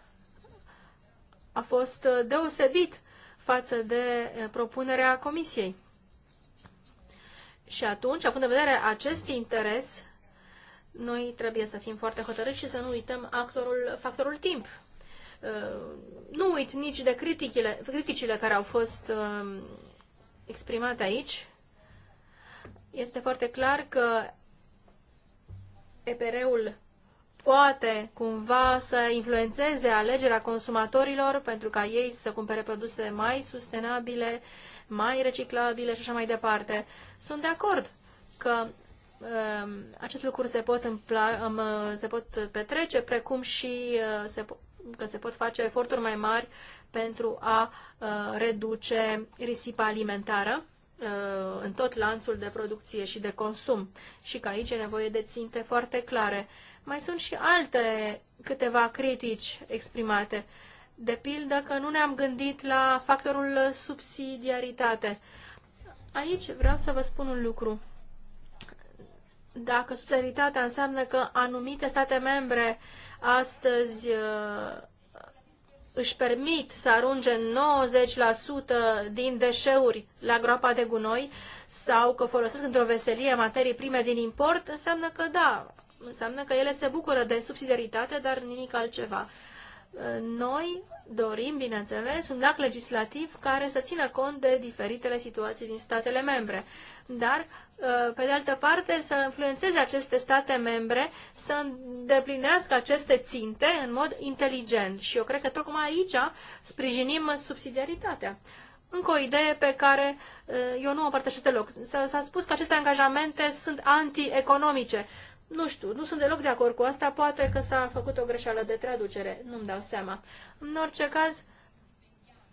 a fost deosebit față de propunerea Comisiei. Și atunci, având în vedere acest interes, noi trebuie să fim foarte hotărâți și să nu uităm actorul, factorul timp. Uh, nu uit nici de criticile, criticile care au fost um, exprimate aici. Este foarte clar că EPR-ul poate cumva să influențeze alegerea consumatorilor pentru ca ei să cumpere produse mai sustenabile, mai reciclabile și așa mai departe. Sunt de acord că Ehm, acest lucru se pot, împla, uh, se pot petrece, precum și uh, se, că se pot face eforturi mai mari pentru a uh, reduce risipa alimentară în tot lanțul de producție și de consum și că aici e nevoie de ținte foarte clare. Mai sunt și alte câteva critici exprimate. De pildă că nu ne-am gândit la factorul subsidiaritate. Aici vreau să vă spun un lucru dacă subsidiaritatea înseamnă că anumite state membre astăzi uh, își permit să arunce 90% din deșeuri la groapa de gunoi sau că folosesc într-o veselie materii prime din import, înseamnă că da, înseamnă că ele se bucură de subsidiaritate, dar nimic altceva. Noi dorim, bineînțeles, un act legislativ care să țină cont de diferitele situații din statele membre, dar, uh, pe de altă parte, să influențeze aceste state membre să îndeplinească aceste ținte în mod inteligent. Și eu cred că tocmai aici sprijinim subsidiaritatea. Încă o idee pe care uh, eu nu o împărtășesc deloc. S-a spus că aceste angajamente sunt antieconomice. Nu știu, nu sunt deloc de acord cu asta, poate că s-a făcut o greșeală de traducere, nu-mi dau seama. În orice caz,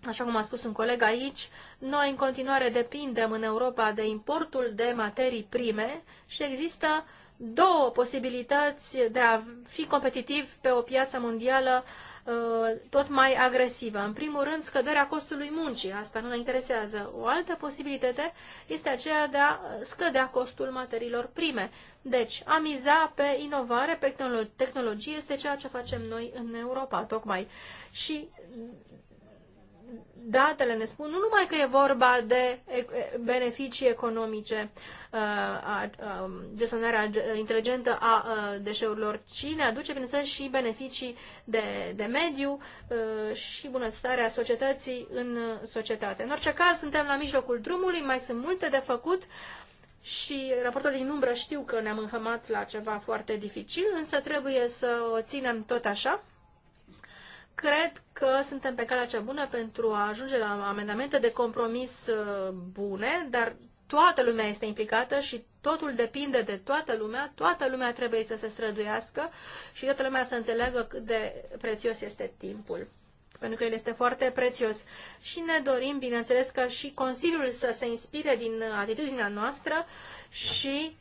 așa cum a spus un coleg aici, noi în continuare depindem în Europa de importul de materii prime și există două posibilități de a fi competitiv pe o piață mondială uh, Uh, tot mai agresivă. În primul rând, scăderea costului muncii, asta nu ne interesează. O altă posibilitate este aceea de a scădea costul materiilor prime. Deci, a miza pe inovare, pe tehnologie, este ceea ce facem noi în Europa, tocmai. Și datele ne spun nu numai că e vorba de beneficii economice, uh, um, gestionarea uh, inteligentă a uh, deșeurilor, ci ne aduce, bineînțeles, și beneficii de, de mediu și bunăstarea societății în societate. În orice caz, suntem la mijlocul drumului, mai sunt multe de făcut și raportul din umbră știu că ne-am înhămat la ceva foarte dificil, însă trebuie să o ținem tot așa Cred că suntem pe calea cea bună pentru a ajunge la amendamente de compromis uh, bune, dar toată lumea este implicată și totul depinde de toată lumea, toată lumea trebuie să se străduiască și toată lumea să înțeleagă cât de prețios este timpul pentru că el este foarte prețios. Și ne dorim, bineînțeles, ca și Consiliul să se inspire din atitudinea noastră și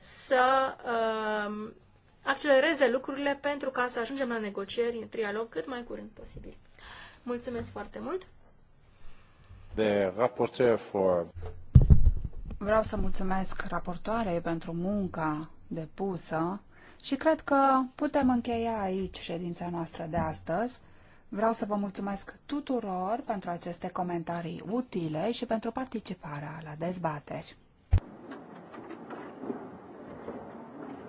să uh, accelereze lucrurile pentru ca să ajungem la negocieri în trialog cât mai curând posibil. Mulțumesc foarte mult! The rapporteur for... Vreau să mulțumesc raportoarei pentru munca depusă și cred că putem încheia aici ședința noastră de astăzi. Vreau să vă mulțumesc tuturor pentru aceste comentarii utile și pentru participarea la dezbateri.